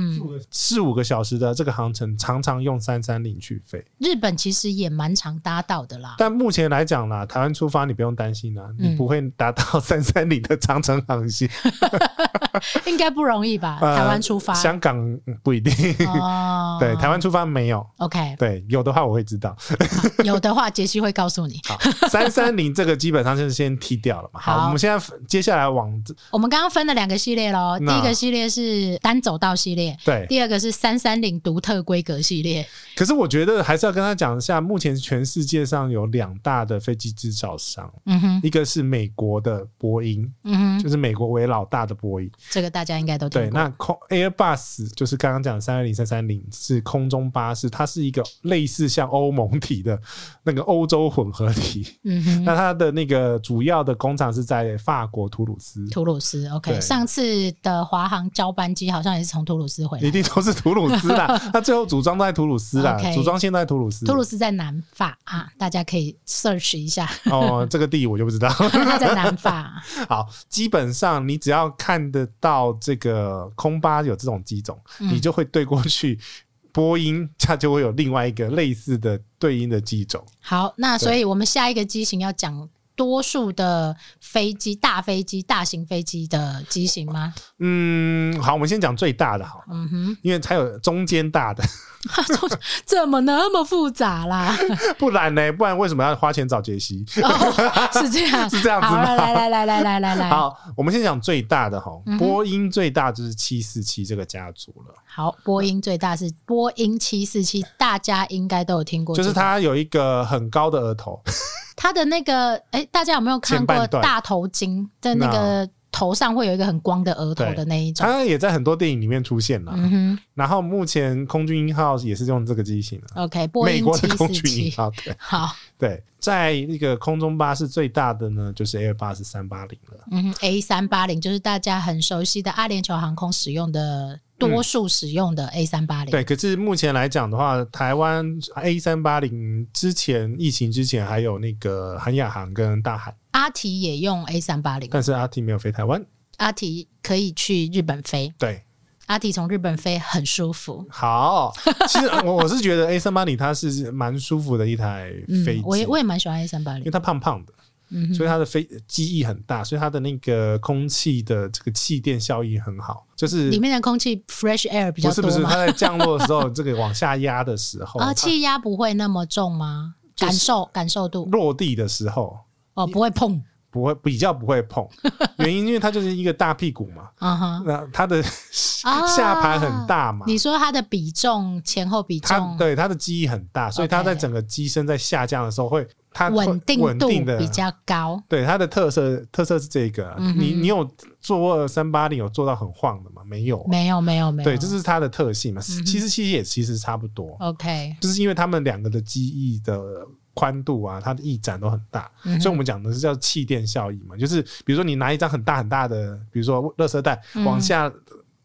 四五、嗯、個小時的這個航程，常常用三三零去飛。日本其實也蠻常搭到的啦。但目前來講啦，台灣出發你不用擔心啦、啊嗯，你不會達到三三零的長程航線， 應該不容易吧？台灣出發，呃、香港不一定。 哦，對，台灣出發沒有。OK，對，有的話我會知道， 有的話杰西會告訴你。 好。三三零這個基本上就是先踢掉了嘛。好，我們。現在接下來往，這我們剛剛分了兩個系列嘍，第一個系列是單走道系列，對，第二個是三三零獨特規格系列。可是我覺得還是要跟他講一下，目前全世界上有兩大的飛機制造商，嗯哼，一個是美國的波音，嗯哼，就是美國為老大的波音，嗯就是，這個大家應該都對。那空 Airbus 就是剛剛講三二零三三零是空中巴士，它是一個類似像歐盟體的那個歐洲混合體，嗯哼，那它的那個主要的工廠是在。法國圖魯斯，圖魯斯，OK。上次的華航交班機好像也是從圖魯斯回來，一定都是圖魯斯啦。 他最後組裝都在圖魯斯啦。Okay, 組裝線都在圖魯斯。圖魯斯在南法啊，大家可以 search 一下。哦， 這個地理我就不知道。他在南法。 好，基本上你只要看得到這個空巴有這種機種，嗯，你就會對過去波音，它就會有另外一個類似的對應的機種。好，那所以我們下一個機型要講。多數的飛機，大飛機、大型飛機的機型嗎？嗯，好，我們先講最大的好，嗯哼，因為才有中間大的。 怎麼那麼複雜啦？ 不然呢？不然為什麼要花錢找杰西？Oh, 是這樣， 是這樣子嗎？好來來來來來來好，我們先講最大的哈，波音最大就是七四七這個家族了，嗯。好，波音最大是波音七四七，大家應該都有聽過，就是他有一個很高的額頭，他 的那個哎、欸，大家有沒有看過大頭鯨的那個？那頭上會有一個很光的額頭的那一種，它也在很多電影裡面出現了、嗯。然後目前空軍一號也是用這個機型、啊、OK，美國的空軍一號。好，對，在那個空中巴士最大的呢，就是 Airbus 三八零了。嗯，A 三八零就是大家很熟悉的阿聯酋航空使用的。多數使用的 A 三八零，對。可是目前來講的話，台灣 A 三八零之前疫情之前還有那個韓亞航跟大韓，阿提也用 A 三八零，但是阿提沒有飛台灣，阿提可以去日本飛。對，阿提從日本飛很舒服。好，其實我我是覺得 A 三八零它是蠻舒服的一台飛機、 嗯，我也我也蠻喜歡 A 三八零，因為它胖胖的。嗯、所以它的飛機翼很大，所以它的那個空氣的這個氣墊效應很好，就是裡面的空氣 fresh air 比較多？不是不是，它在降落的時候， 這個往下壓的時候，啊，氣壓不會那麼重嗎？就是、感受感受度，落地的時候哦，不會碰，不會比較不會碰， 原因因為它就是一個大屁股嘛，那 它的、啊、下盤很大嘛。你說它的比重前後比重，它對它的機翼很大，所以它在整個機身在下降的時候、Okay. 會。它穩定，定的比較高對，對它的特色特色是這個、啊嗯你。你你有坐過三八零有坐到很晃的嗎？沒有、啊，沒有，沒有，沒有。對，這、就是它的特性嘛？其實其實也其實差不多。OK，、嗯、就是因為他們兩個的機翼的寬度啊，它的翼展都很大，嗯、所以我們講的是叫氣墊效應嘛。就是比如說你拿一張很大很大的，比如說垃圾袋往下。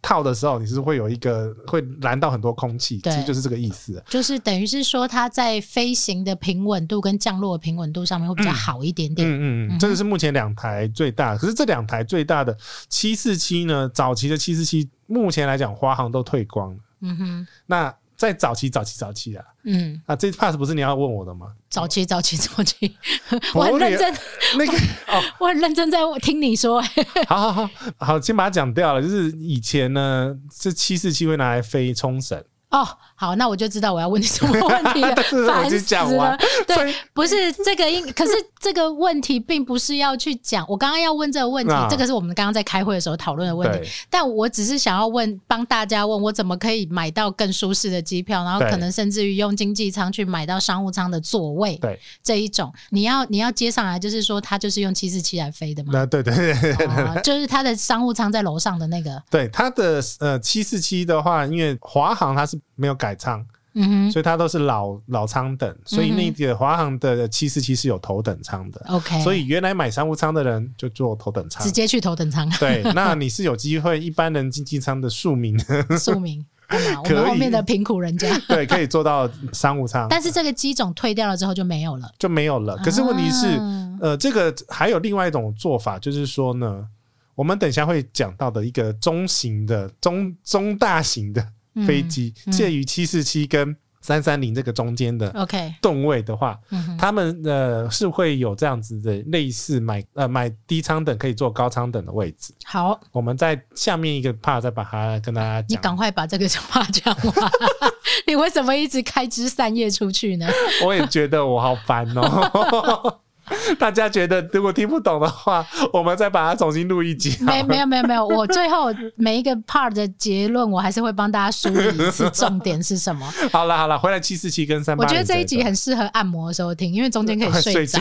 套的時候你是會有一個會攔到很多空氣，其實就是這個意思。就是等於是說，它在飛行的平穩度跟降落的平穩度上面會比較好一點點。嗯嗯，嗯嗯這個是目前兩台最大，可是這兩台最大的七四七呢，早期的七四七目前來講，華航都退光了。嗯哼，那。在早期，早期，早期啊！嗯，啊，這 pass 不是你要問我的嗎？早期，早期，早期， 我很認真。那個哦，我很認真在聽你說。 好好好好，先把它講掉了。就是以前呢，這七四七會拿來飛沖繩。哦，好，那我就知道我要問你什麼問題了，煩死了。 對， 不是這個，應，可是這個問題並不是要去講。我剛剛要問這個問題，哦、這個是我們剛剛在開會的時候討論的問題。但我只是想要問，幫大家問我怎麼可以買到更舒適的機票，然後可能甚至於用經濟艙去買到商務艙的座位。對，這一種你要你要接上來，就是說他就是用七四七來飛的嘛、呃？對對對，對，對，對、哦，就是他的商務艙在樓上的那個。對，他的呃七四七的話，因為華航它是。沒有改艙、嗯哼，所以它都是老老艙等，所以那個華航的七四七是有頭等艙的。OK，、嗯、所以原來買商務艙的人就坐頭等艙，直接去頭等艙。對，那你是有機會， 一般人經濟艙的庶民，庶民， 我們後面的貧苦人家， 對，可以坐到商務艙。但是這個機種退掉了之後就沒有了，就沒有了。可是問題是，啊、呃，這個還有另外一種做法，就是說呢，我們等一下會講到的一個中型的、中中大型的。飛機、嗯嗯、介於七四七跟三三零這個中間的，OK，動位的話，okay、他們呃是會有這樣子的類似買呃買低艙等可以坐高艙等的位置。好，我們在下面一個帕再把它跟大家講。你趕快把這個帕講完， 你為什麼一直開枝散葉出去呢？ 我也覺得我好煩哦。 大家覺得如果聽不懂的話，我們再把它重新錄一集。沒，沒有，沒有，沒有。我最後每一個 part 的結論， 我還是會幫大家梳理一次重點是什麼。好了，好了，回來七四七跟三八零。我覺得這一集很適合按摩的時候聽，因為中間可以睡著。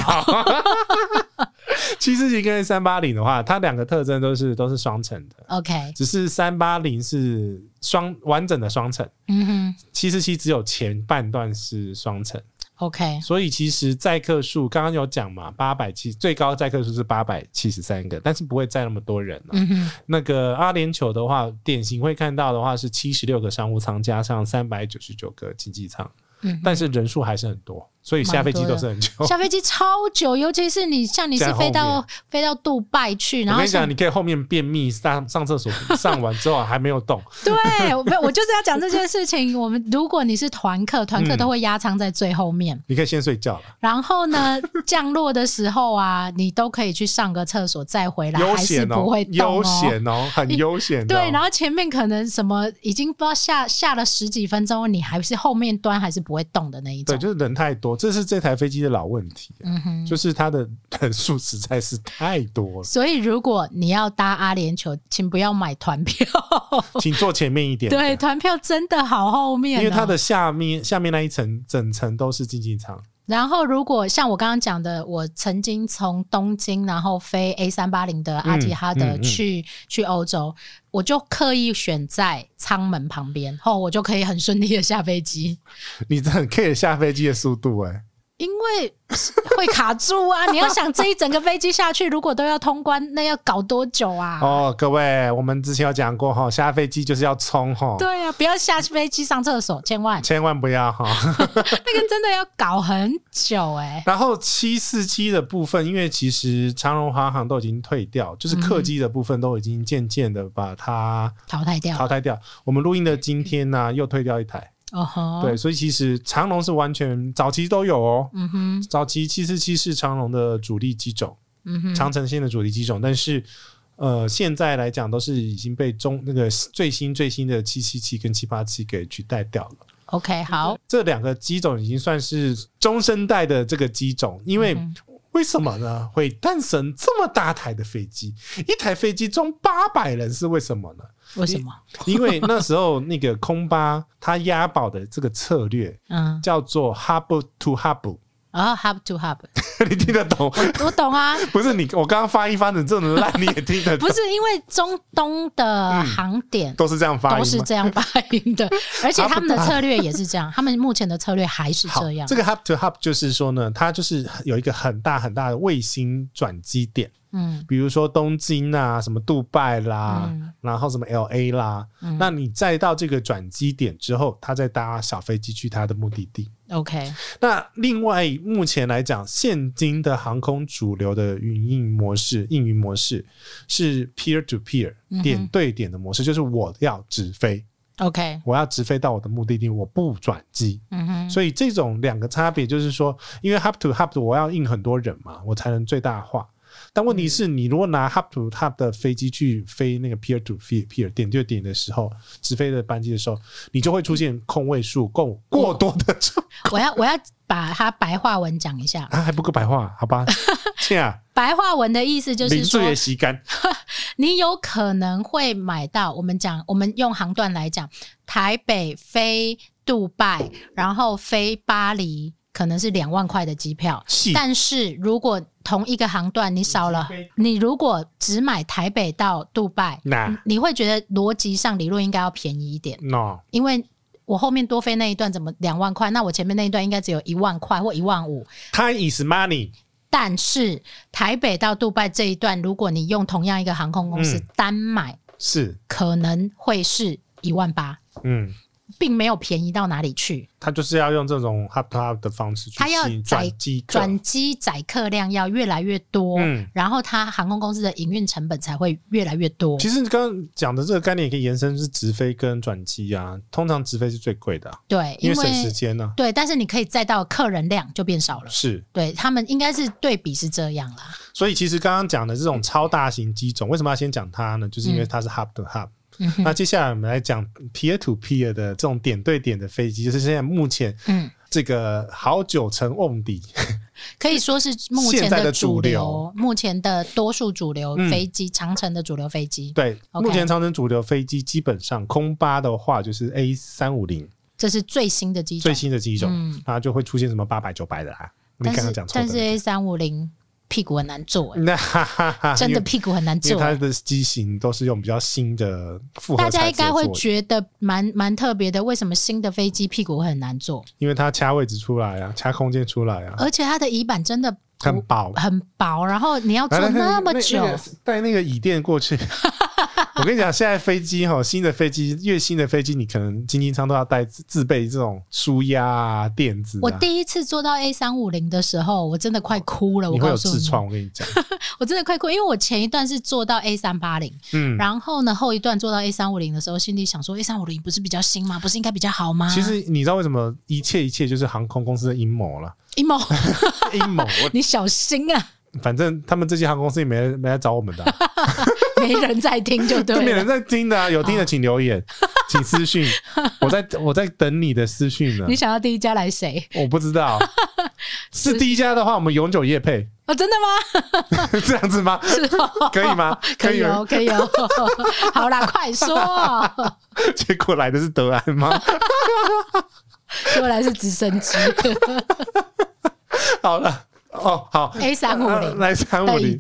七四七跟三八零的話，它兩個特徵都是都是雙層的。OK，只是三八零是雙完整的雙層，嗯哼，七四七只有前半段是雙層。OK，所以其實載客數剛剛有講嘛，八百七最高載客數是八百七十三個，但是不會載那麼多人了啊。嗯哼。那個阿聯酋的話，典型會看到的話是七十六個商務艙加上三百九十九個經濟艙，嗯，但是人數還是很多。所以下飛機都是很久，下飛機超久，尤其是你像你是飛到飛到杜拜去，然後我跟你講，你可以後面便秘上上廁所，上完之後還沒有動。 對，我我就是要講這件事情。我們如果你是團客，團客都會壓艙在最後面，嗯，你可以先睡覺然後呢，降落的時候啊，你都可以去上個廁所再回來悠閒，哦，還是不會動哦，悠閒哦，很悠閒，哦。對，然後前面可能什麼已經不知道下下了十幾分鐘，你還是後面端還是不會動的那一種，對就是人太多。這是這台飛機的老問題、啊，嗯哼，就是它的人數實在是太多了。所以如果你要搭阿聯酋，請不要買團票， 請坐前面一點。對，團票真的好後面、喔，因為它的下面下面那一層整層都是經濟艙。然後，如果像我剛剛講的，我曾經從東京然後飛 A 三八零的阿提哈德去、嗯嗯嗯、去歐洲，我就刻意選在艙門旁邊，然後我就可以很順利的下飛機。你這很快下飛機的速度哎、欸！因為會卡住啊！ 你要想這一整個飛機下去， 如果都要通關，那要搞多久啊？哦，各位，我們之前有講過哈，下飛機就是要衝哈。對啊，不要下飛機上廁所，千萬千萬不要哈。 那個真的要搞很久哎。 然後七四七的部分，因為其實長榮華航都已經退掉，就是客機的部分都已經漸漸的把它淘汰掉，淘汰掉。我們錄音的今天呢，又退掉一台。哦、uh-huh.，對，所以其實長龍是完全早期都有哦，嗯哼，早期七四七是長龍的主力機種，嗯哼，長程線的主力機種，但是呃，現在來講都是已經被中那個最新最新的七七七跟七八七給取代掉了。OK，好，這兩個機種已經算是中生代的這個機種，因為、mm-hmm. 為什麼呢？會誕生這麼大台的飛機？一台飛機裝八百人是為什麼呢？為什麼？ 因為那時候那個空巴它押寶的這個策略，嗯，叫做 Hub to Hub。啊、oh，hub to hub， 你聽得懂、嗯我？我懂啊。不是你，我剛剛翻譯翻成這麼爛，你也聽得？懂， 不是因為中東的航點、嗯、都是這樣發音，都是這樣發音的，而且他們的策略也是這樣， 他們目前的策略還是這樣。這個 hub to hub 就是說呢，它就是有一個很大很大的衛星轉機點，嗯，比如說東京啊，什麼杜拜啦，嗯、然後什麼 LA 啦、嗯，那你再到這個轉機點之後，他再搭小飛機去他的目的地。OK，那另外目前來講，現今的航空主流的營運模式、運營模式是 peer to peer，嗯、點對點的模式，就是我要直飛，OK，我要直飛到我的目的地，我不轉機。嗯哼，所以這種兩個差別就是說，因為 hub to hub，我要運很多人嘛，我才能最大化。但問題是，你如果拿 Hub to Hub 的飛機去飛那個 Peer to Peer、Peer 點對點的時候，直飛的班機的時候，你就會出現空位數夠過多的，我要我要把它白話文講一下，啊，還不夠白話，好吧？這 樣、啊，白話文的意思就是說，零你有可能會買到。我們講，我們用航段來講，台北飛杜拜，然後飛巴黎，可能是兩萬塊的機票。是，但是如果同一個航段，你少了。你如果只買台北到杜拜，你會覺得邏輯上理論應該要便宜一點。因為我後面多飛那一段怎麼兩萬塊？那我前面那一段應該只有一萬塊或一萬五。money。但是台北到杜拜這一段，如果你用同樣一個航空公司單買，是可能會是一萬八。嗯。並沒有便宜到哪裡去，他就是要用這種 hub to hub 的方式去轉機，進行轉機轉機，載客量要越來越多，嗯，然後他航空公司的營運成本才會越來越多。其實你剛剛講的這個概念也可以延伸，是直飛跟轉機呀，通常直飛是最貴的，對，因為省時間呢、啊。對，但是你可以載到客人量就變少了，是對他們應該是對比是這樣啦。所以其實剛剛講的這種超大型機種，為什麼要先講它呢？就是因為它是 hub to hub。嗯嗯、那接下來我們來講 peer to peer 的這種點對點的飛機，就是現在目前，嗯，這個好久成瓮底、嗯，可以說是目前的主流，主流嗯、目前的多數主流飛機、嗯，長程的主流飛機。對，OK，目前長程主流飛機基本上，空巴的話就是 A 三五零，這是最新的機種，最新的機種，它、嗯、就會出現什麼八百九百的啊，你剛剛講錯了，但是 A 三五零。屁股很難坐哎，欸， 真的屁股很難坐欸。因為它的機型都是用比較新的複合材料做的。大家應該會覺得蠻蠻特別的，為什麼新的飛機屁股會很難坐？因為它掐位置出來啊，掐空間出來啊，而且它的椅板真的很薄，很薄，然後你要坐那麼久，帶那、那個、那個椅墊過去。 我跟你講，現在飛機哈，新的飛機越新的飛機，你可能經濟艙都要帶自備這種舒壓墊子。我第一次坐到 A 三五零的時候，我真的快哭了。你會有痔瘡？我跟你講， 我真的快哭，因為我前一段是坐到 A 三八零，嗯，然後呢後一段坐到 A 三五零的時候，心裡想說 A 三五零不是比較新嗎？不是應該比較好嗎？其實你知道為什麼一切，一切就是航空公司的陰謀了？陰謀，陰 謀， 你小心啊！反正他們這些航空公司也沒來沒來找我們的啊。 沒人在聽就對了，沒人在聽的啊！有聽的請留言，請私訊，我在我在等你的私訊呢。你想要第一家來誰？我不知道是。是第一家的話，我們永久業配啊、哦？真的嗎？ 這樣子嗎？是、哦，可以嗎？可以嗎、哦？可以哦。好啦，快說。 結果來的是德安嗎？出 來是直升機。 好了哦，好 A 三五零來三五零，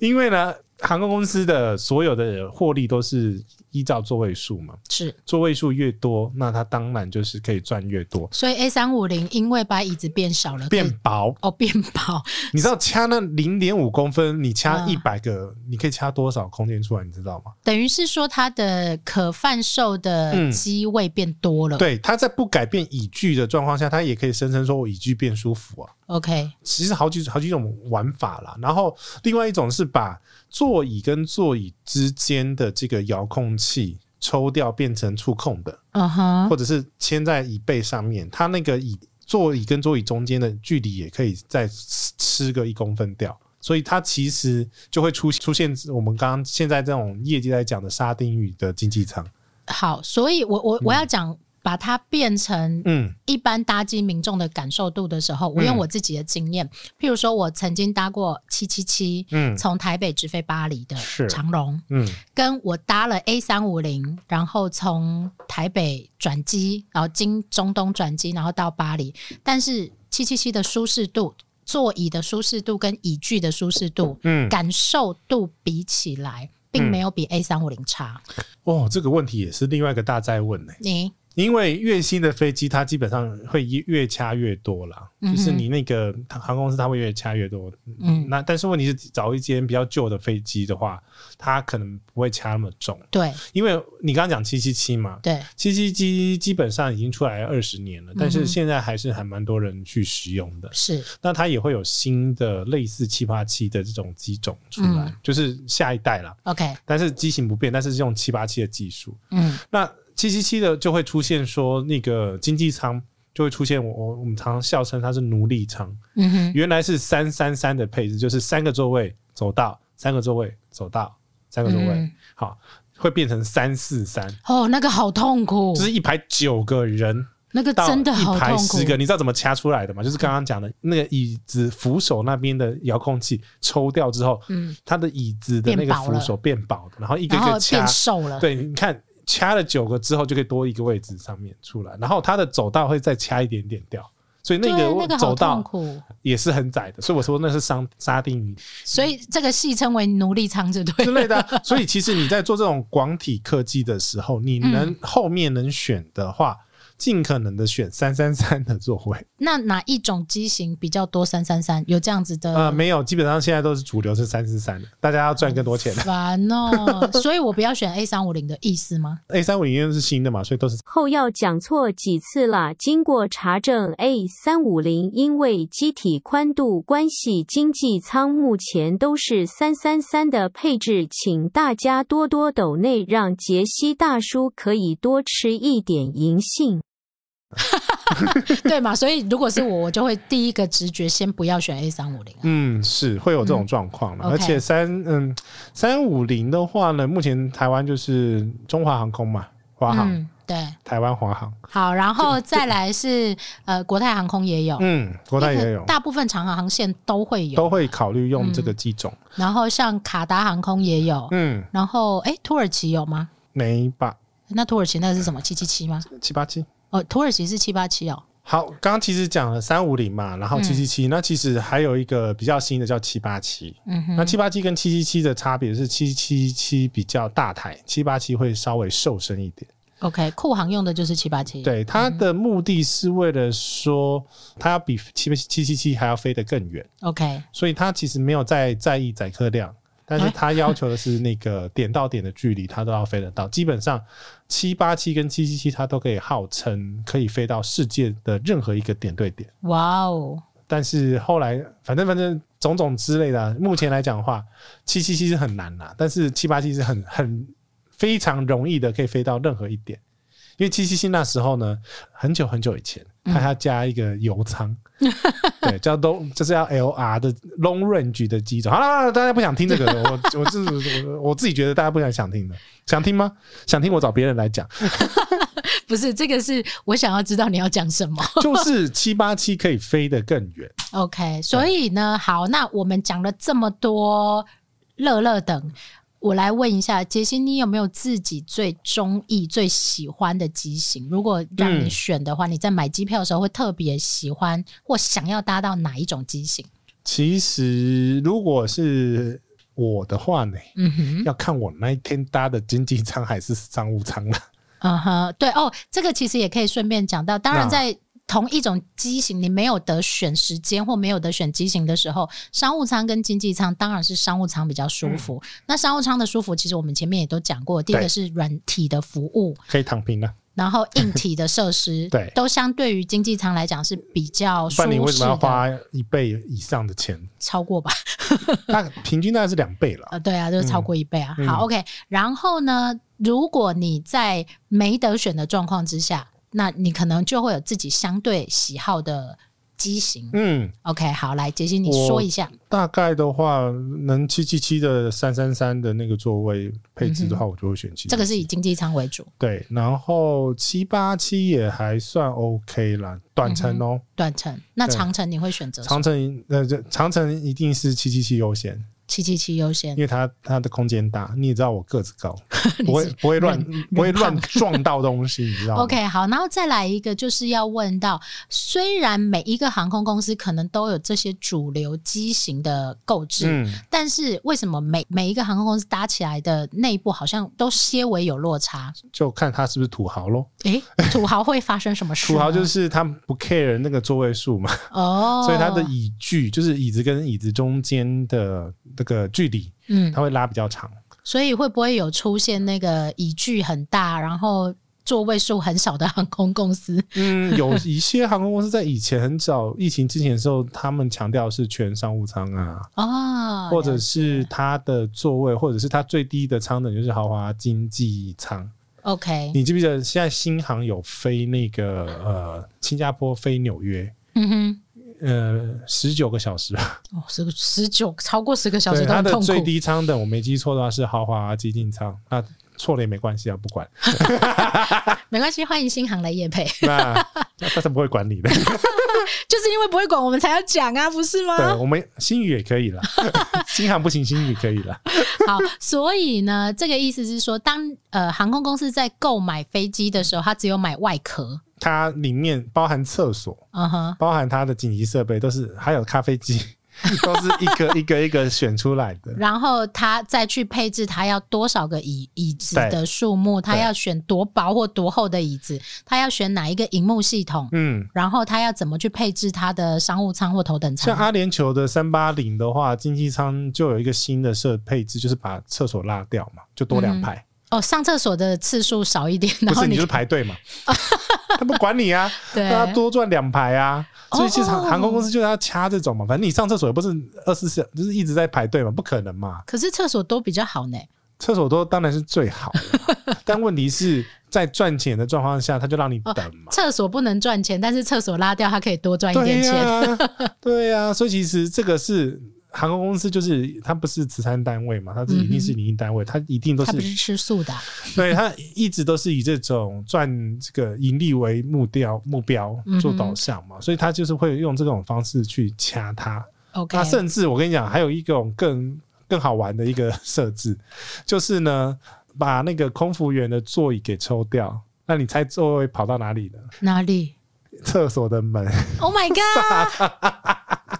因為呢。航空公司的所有的獲利都是依照座位數嘛，是。是座位數越多，那它當然就是可以賺越多。所以 A 三五零因為把椅子變小了，變薄哦，變薄。你知道掐那零點五公分，你掐一百個、嗯，你可以掐多少空間出來？你知道嗎？等於是說它的可販售的機位變多了。嗯、對，它在不改變椅距的狀況下，它也可以聲稱說我椅距變舒服啊。OK，其實好幾好幾種玩法啦，然後另外一種是把座椅跟座椅之間的這個遙控器抽掉變成觸控的，Uh-huh. 或者是牽在椅背上面，它那個椅座椅跟座椅中間的距離也可以再吃個一公分掉，所以它其實就會出出現我們剛剛現在這種業界在講的沙丁魚的經濟艙。好，所以我我我要講、嗯。把它變成一般搭機民眾的感受度的時候，嗯、我用我自己的經驗、嗯，譬如說我曾經搭過七七七，從台北直飛巴黎的長榮、嗯，跟我搭了 A 三五零，然後從台北轉機，然後經中東轉機，然後到巴黎。但是七七七的舒適度、座椅的舒適度跟椅距的舒適度，嗯，感受度比起來，並沒有比 A 三五零差、嗯。哦，這個問題也是另外一個大哉問呢、欸。你。因為越新的飛機，它基本上會越越掐越多啦、嗯、就是你那個航空公司，它會越掐越多。嗯，那但是問題是，找一間比較舊的飛機的話，它可能不會掐那麼重。對，因為你剛剛講七七七嘛，對，七七七基本上已經出來二十年了、嗯，但是現在還是還蠻多人去使用的。是，那它也會有新的類似七八七的這種機種出來、嗯，就是下一代了。OK，但是機型不變，但是用七八七的技術。嗯，那。七七七的就會出現說那個經濟艙就會出現，我我我們常常笑稱它是奴隸艙。嗯哼，原來是三三三的配置，就是三個座位走道、三個座位走道、三個座位、嗯，好，會變成三四三。哦，那個好痛苦。這，就是一排九個人，那個真的好痛苦。一排十個、那個，你知道怎麼掐出來的嗎？就是剛剛講的那個椅子扶手那邊的遙控器抽掉之後，嗯，它的椅子的那個扶手變薄，然後一個一個變瘦了。對，你看。掐了九個之後，就可以多一個位置上面出來，然後它的走道會再掐一點點掉，所以那個走道也是很窄的，所以我說那是商沙丁魚、那個，所以這個戲稱為奴隸艙之類之類的。所以其實你在做這種廣體客機的時候，你能後面能選的話。嗯盡可能的選三三三的座位。那哪一種機型比較多三三三？333，有這樣子的？呃，沒有，基本上現在都是主流是三三三，大家要賺更多錢。煩哦，所以我不要選 A 三五零的意思嗎？A 三五零因為是新的嘛，所以都是。後要講錯幾次啦，經過查證，A 三五零因為機體寬度關係，經濟艙目前都是三三三的配置，請大家多多抖內，讓傑西大叔可以多吃一點銀杏。 對嘛？所以如果是我，我就會第一個直覺先不要選 A 三五零。嗯，是會有這種狀況、嗯 okay、而且三嗯三五零的話呢，目前台灣就是中華航空嘛，華航、嗯、對台灣華航。好，然後再來是呃國泰航空也有，嗯，國泰也有。大部分長航航線都會有，都會考慮用這個機種、嗯。然後像卡達航空也有，嗯。然後哎、欸，土耳其有嗎？沒吧？那土耳其那是什麼？七七七嗎？七八七。哦，土耳其是七八七哦。好，剛剛其實講了三五零嘛，然後七七七，那其實還有一個比較新的叫七八七。嗯哼。那七八七跟七七七的差別是七七七比較大台，七八七會稍微瘦身一點。OK，酷航用的就是七八七。對，它的目的是為了說它要比七七七還要飛得更遠。OK、嗯、所以它其實沒有在在意載客量。但是他要求的是那個點到點的距離，他都要飛得到。基本上，七八七跟七七七，它都可以號稱可以飛到世界的任何一個點對點。哇哦！但是後來，反正反正種種之類的，目前來講的話，七七七是很難啦，但是七八七是很很非常容易的，可以飛到任何一點。因為七七七那時候呢，很久很久以前，他要加一個油艙、嗯，對，叫 long 就是要 L R 的 long range 的機種。好、啊、了，大家不想聽這個了，我我我，我自己覺得大家不想想聽的，想聽嗎？想聽我找別人來講。不是，這個是我想要知道你要講什麼，就是七八七可以飛得更遠。OK，所以呢，好，那我們講了這麼多，樂樂等。我來問一下杰西，你有沒有自己最中意、最喜歡的機型？如果讓你選的話，嗯、你在買機票的時候會特別喜歡或想要搭到哪一種機型？其實，如果是我的話呢，嗯哼，要看我那一天搭的經濟艙還是商務艙了。嗯、uh、哼 -huh，對哦，這個其實也可以順便講到，當然在。同一種機型，你沒有得選時間或沒有得選機型的時候，商務艙跟經濟艙當然是商務艙比較舒服。嗯、那商務艙的舒服，其實我們前面也都講過，第一個是軟體的服務，可以躺平啊。然後硬體的設施， 對，都相對於經濟艙來講是比較舒服。不然你為什麼要花一倍以上的錢？超過吧？那 平均大概是兩倍了。啊、呃，對啊，就是超過一倍啊。嗯、好，OK。然後呢，如果你在沒得選的狀況之下。那你可能就會有自己相對喜好的機型，嗯，OK，好，來傑西你說一下，大概的話，能七七七的三三三的那個座位配置的話，我就會選七。嗯。這個是以經濟艙為主，對，然後七八七也還算 OK 啦。短程哦。喔嗯，短程。那長程你會選擇什麼？呃，這長程一定是七七七優先。七七七優先，因為它它的空間大，你也知道我個子高， 不會亂不會亂不會亂撞到東西， 你知道嗎？OK，好，然後再來一個，就是要問到，雖然每一個航空公司可能都有這些主流機型的購置、嗯，但是為什麼每每一個航空公司搭起來的內部好像都些微有落差？就看它是不是土豪嘍？哎、欸，土豪會發生什麼事？土豪就是他不 care 那個座位數嘛，哦，所以他的椅距就是椅子跟椅子中間的，那個距離，嗯，它會拉比較長，所以會不會有出現那個椅距很大，然後座位數很少的航空公司？ 嗯，有一些航空公司在以前很早疫情之前的時候，他們強調是全商務艙啊，哦，或者是它的座位，或者是它最低的艙等就是豪華經濟艙。OK，你記不記得現在新航有飛那個呃，新加坡飛紐約？嗯哼。呃，十九個小時哦，十個十九，超過十個小時，他的最低艙的，我沒記錯的話是豪華經濟艙。那、啊、錯了也沒關係啊，不管， 沒關係，歡迎新航來業配。 那他是不會管你的， 就是因為不會管我們才要講啊，不是嗎？對，我們星宇也可以了， 新航不行，星宇可以了。 好，所以呢，這個意思是說，當呃，航空公司在購買飛機的時候，它只有買外殼。它裡面包含廁所，嗯哼、uh-huh，包含它的緊急設備都是，還有咖啡機，都是一個一個一個選出來的。 然後他再去配置，他要多少個椅椅子的數目，他要選多薄或多厚的椅子，他要選哪一個熒幕系統，嗯，然後他要怎麼去配置他的商務艙或頭等艙。像阿聯酋的三八零的話，經濟艙就有一個新的設配置，就是把廁所拉掉嘛，就多兩排。嗯哦，上廁所的次數少一點，不是，你就是排隊嘛， 他不管你啊， 讓他多賺兩排啊，所以其實航空公司就是要掐這種嘛，哦、反正你上廁所也不是二十四小就是一直在排隊嘛，不可能嘛。可是廁所多比較好呢，廁所多當然是最好， 但問題是在賺錢的狀況下，他就讓你等嘛。哦、廁所不能賺錢，但是廁所拉掉，他可以多賺一點錢。對、啊，對啊，所以其實這個是。航空公司就是它不是慈善單位嘛，它是一定是盈利單位、嗯，它一定都是。它不是吃素的、啊嗯。對，它一直都是以這種賺這個盈利為目標、目標做導向嘛、嗯，所以它就是會用這種方式去掐它。他、嗯、它甚至我跟你講，還有一種更更好玩的一個設置，就是呢，把那個空服員的座椅給抽掉，那你猜座位跑到哪裡了？哪裡？廁所的門，Oh my god！他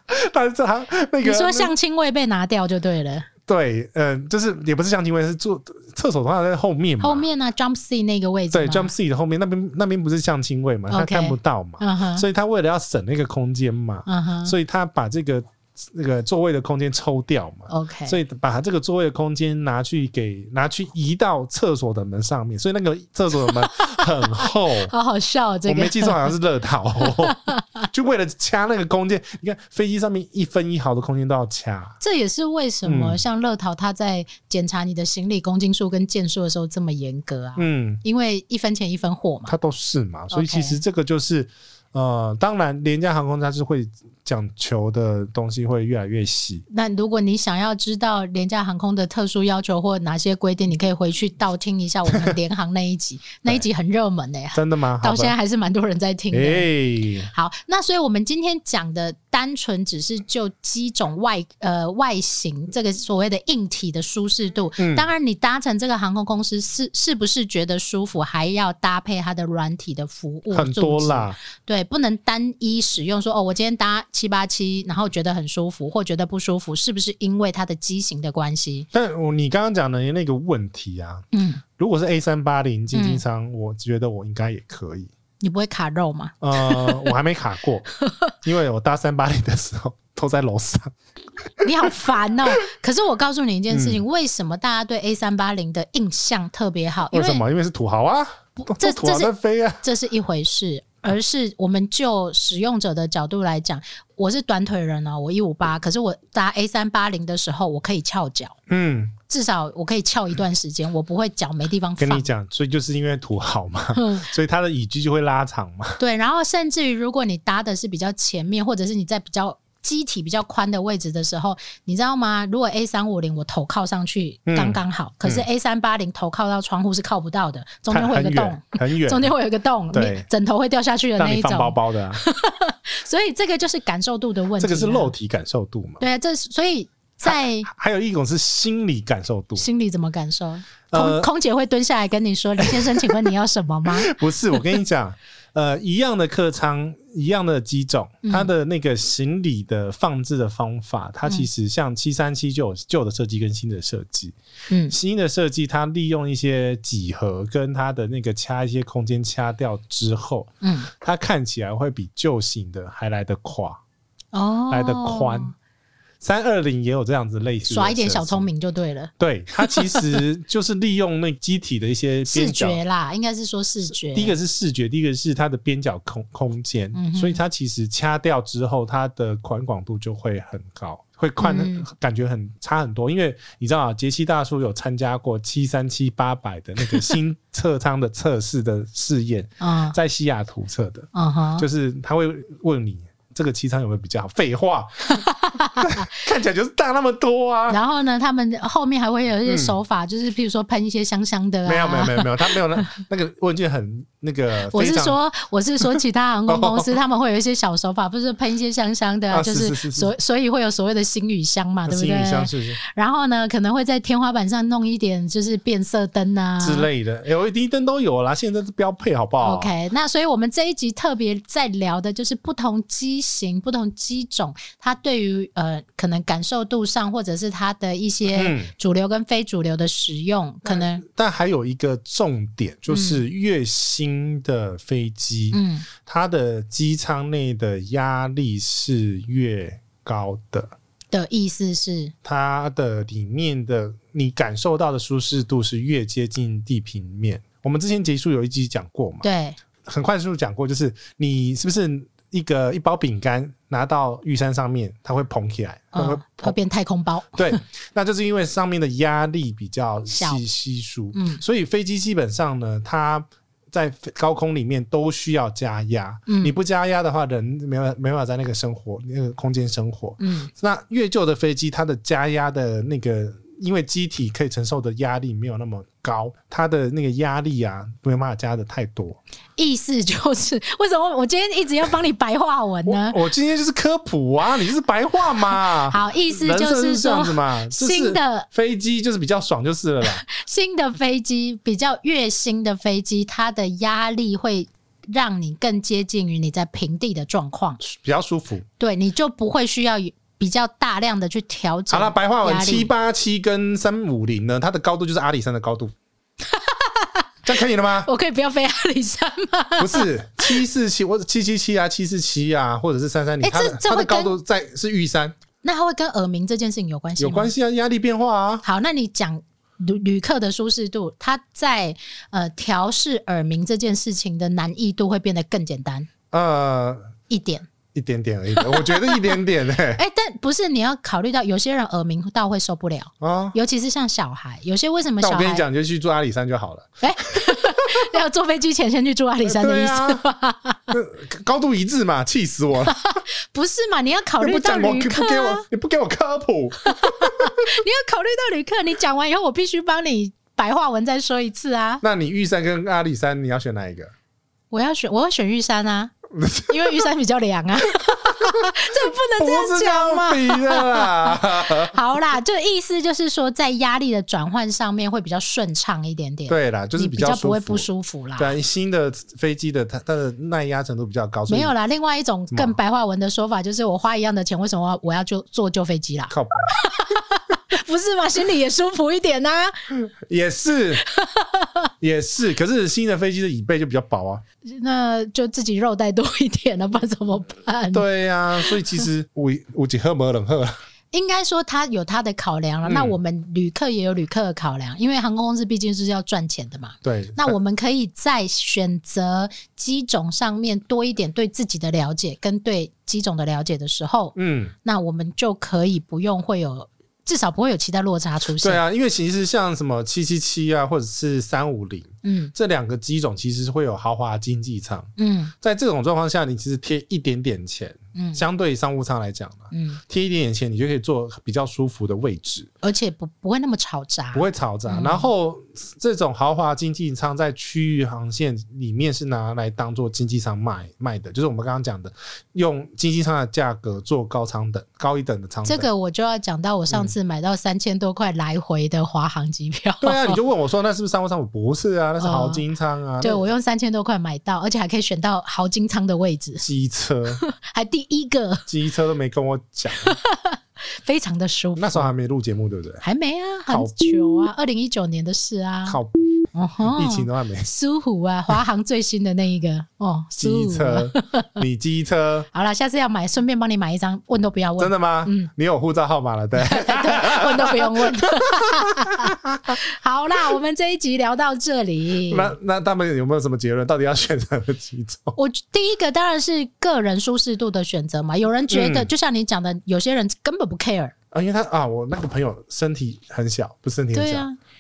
但是這行那個，你說相親位被拿掉就對了。對，嗯，就是也不是相親位，是坐廁所的話在後面嘛。後面呢、啊、Jump seat 那個位置。對，Jump seat 的後面那邊，那邊不是相親位嘛？Okay, 他看不到嘛，uh -huh, 所以他為了要省那個空間嘛，uh -huh, 所以他把這個。那、這個座位的空間抽掉嘛，OK，所以把這個座位的空間拿去給拿去移到廁所的門上面，所以那個廁所的門很厚。好好笑，這個我沒記錯，好像是樂桃、哦， 就為了掐那個空間。你看飛機上面一分一毫的空間都要掐。這也是為什麼像樂桃他在檢查你的行李公斤數跟件數的時候這麼嚴格啊，嗯，因為一分錢一分貨嘛。他都是嘛，所以其實這個就是。Okay. 呃，當然，廉價航空它是會講求的東西會越來越細。那如果你想要知道廉價航空的特殊要求或哪些規定，你可以回去倒聽一下我們聯航那一集， 那一集很熱門的、欸。 真的嗎？到現在還是蠻多人在聽的好、欸。好，那所以我們今天講的單純只是就機種外呃外形這個所謂的硬體的舒適度、嗯。當然，你搭乘這個航空公司是是不是覺得舒服，還要搭配它的軟體的服務，很多啦，對。不能單一使用說哦，我今天搭七八七，然後覺得很舒服或覺得不舒服，是不是因為它的機型的關係？但我你剛剛講的那個問題啊，嗯，如果是 A 三八零經濟艙，我覺得我應該也可以，你不會卡肉嗎？呃，我還沒卡過， 因為我搭三八零的時候都在樓上。你好煩哦！ 可是我告訴你一件事情，嗯、為什麼大家對 A 三八零的印象特別好？為什麼？因為，因為是土豪啊，這土豪在飛啊這是，這是一回事。而是我們就使用者的角度來講，我是短腿人哦、啊，我一五八，可是我搭 A 三八零的時候，我可以翹腳，嗯，至少我可以翹一段時間、嗯，我不會腳沒地方放。跟你講，所以就是因為土豪嘛，嗯、所以它的椅距就會拉長嘛。對，然後甚至於如果你搭的是比較前面，或者是你在比較。機體比較寬的位置的時候，你知道嗎？如果 A 三五零我頭靠上去剛剛好，嗯嗯、可是 A 三八零頭靠到窗戶是靠不到的，中間會有一個洞很，很遠，中間會有一個洞對，枕頭會掉下去的那一種，包包的、啊。 所以這個就是感受度的問題，這個是肉體感受度嘛？對啊，這所以在、啊、還有一種是心理感受度，心理怎麼感受？呃、空空姐會蹲下來跟你說：“林先生，請問你要什麼嗎？” 不是，我跟你講。 呃，一樣的客艙，一樣的機種，它的那個行李的放置的方法，嗯、它其實像七三七就有舊的設計跟新的設計、嗯，新的設計它利用一些幾何跟它的那個掐一些空間掐掉之後、嗯，它看起來會比舊型的還來得寬哦，來得寬。三二零也有這樣子類型，耍一點小聰明就對了。對它其實就是利用那機體的一些 視覺啦，應該是說視覺。第一個是視覺，第一個是它的邊角空空間、嗯，所以它其實掐掉之後，它的寬廣度就會很高，會寬，感覺很差很多。嗯、因為你知道啊，傑西大叔有參加過七三七八百的那個新測艙的測試的試驗啊，在西雅圖測的啊、嗯，就是他會問你這個機艙有沒有比較好，廢話。 看起來就是大那麼多啊！然後呢，他們後面還會有一些手法，嗯、就是比如說噴一些香香的、啊。沒有沒有沒有沒有，他沒有那個件 那個，問卷很那個。我是說，我是說，其他航空公司 他們會有一些小手法，不是噴一些香香的、啊啊是是是是，就是所所以會有所謂的心語香嘛，啊、對不對？心語香是不是？然後呢，可能會在天花板上弄一點，就是變色燈啊之類的 LED 燈都有啦，現在是標配，好不好、啊？OK，那所以我們這一集特別在聊的就是不同機型、不同機種，它對於呃，可能感受度上，或者是它的一些主流跟非主流的使用，嗯、可能但。但還有一個重點，就是越新的飛機，嗯，它的機艙內的壓力是越高的。嗯、的意思是，它的裡面的你感受到的舒適度是越接近地平面。我們之前結束有一集講過嘛？對，很快速講過，就是你是不是？一個一包餅乾拿到玉山上面，它會膨起來，哦、它會，會變太空包。對， 那就是因為上面的壓力比較稀稀疏，嗯，所以飛機基本上呢，它在高空裡面都需要加壓。嗯，你不加壓的話，人沒法沒辦法在那個生活，那個空間生活。嗯，那越舊的飛機，它的加壓的那個。因為機體可以承受的壓力沒有那麼高，它的那個壓力啊，沒辦法加的太多。意思就是，為什麼我今天一直要幫你白話文呢 我？我今天就是科普啊，你就是白話嘛？好，意思就是，就是這樣子嘛，就是、說，新的飛機就是比較爽，就是了啦。新的飛機比較越新的飛機，它的壓力會讓你更接近於你在平地的狀況，比較舒服。對，你就不會需要。比較大量的去調整好了，白話文七八七跟三五零呢，它的高度就是阿里山的高度， 這樣可以了嗎？ 我可以不要飛阿里山嗎？ 不是七四七或者七七七啊，七四七啊，或者是三三零。哎，它的高度在是玉山，那它會跟耳鳴這件事情有關係嗎？有關係啊，壓力變化啊。好，那你講旅旅客的舒適度，它在呃調試耳鳴這件事情的難易度會變得更簡單呃一點。一點點而已，我覺得一點點哎、欸、哎、欸，但不是你要考慮到有些人耳鳴到會受不了、哦、尤其是像小孩，有些為什麼小孩？我跟你講，你就去住阿里山就好了。哎、欸， 你要坐飛機前先去住阿里山的意思、欸對啊、高度一致嘛，氣死我了！ 不是嘛？你要考慮到旅客、啊、不給我，你不給我科普， 你要考慮到旅客，你講完以後我必須幫你白話文再說一次啊。那你玉山跟阿里山，你要選哪一個？我要選，我要選玉山啊。 因為雨傘比較涼啊， 這不能這樣講嘛。 好啦，就意思就是說，在壓力的轉換上面會比較順暢一點點。對啦，就是比較，比較不會不舒服啦。對啊，新的飛機的它它的耐壓程度比較高。沒有啦，另外一種更白話文的說法就是，我花一樣的錢，為什麼我要就坐舊飛機啦？靠！ 不是嗎？心裡也舒服一點吶、啊。也是，也是。可是新的飛機的椅背就比較薄啊。 那就自己肉帶多一點、啊，那不怎麼辦？對呀、啊，所以其實有一好沒兩好了。應該說他有他的考量了、嗯。那我們旅客也有旅客的考量，因為航空公司畢竟是要賺錢的嘛。對。那我們可以在選擇機種上面多一點對自己的了解，跟對機種的了解的時候，嗯，那我們就可以不用會有。至少不會有期待落差出現。對啊，因為其實像什麼777啊，或者是350。嗯，這兩個機種其實是會有豪華經濟艙。嗯，在這種狀況下，你其實貼一點點錢，嗯，相對於商務艙來講，啊、嗯，貼一點點錢你就可以坐比較舒服的位置，而且不不會那麼嘈雜，不會嘈雜，嗯。然後這種豪華經濟艙在區域航線裡面是拿來當做經濟艙賣賣的，就是我們剛剛講的，用經濟艙的價格做高艙等高一等的艙。這個我就要講到我上次買到三千多塊來回的華航機票。嗯，對啊，你就問我說， 那是不是商務艙？我不是啊。啊、那是豪經艙啊！Oh, 對，我用三千多塊買到，而且還可以選到豪經艙的位置。機車 還第一個，機車都沒跟我講、啊， 非常的舒服。那時候還沒錄節目，對不對？還沒啊，很久啊，二零一九年的事啊。哦吼，疫情都還沒。蘇虎啊，華航最新的那一個哦，機車，啊、 你機車。好了，下次要買，順便幫你買一張，問都不要問。真的嗎？嗯，你有護照號碼了，對， 對，問都不用問。 好啦，我們這一集聊到這裡。 那那他們有沒有什麼結論？到底要選擇機種？我第一個當然是個人舒適度的選擇嘛。有人覺得，嗯、就像你講的，有些人根本不 care。啊，因為他啊，我那個朋友身體很小，不是身體很小。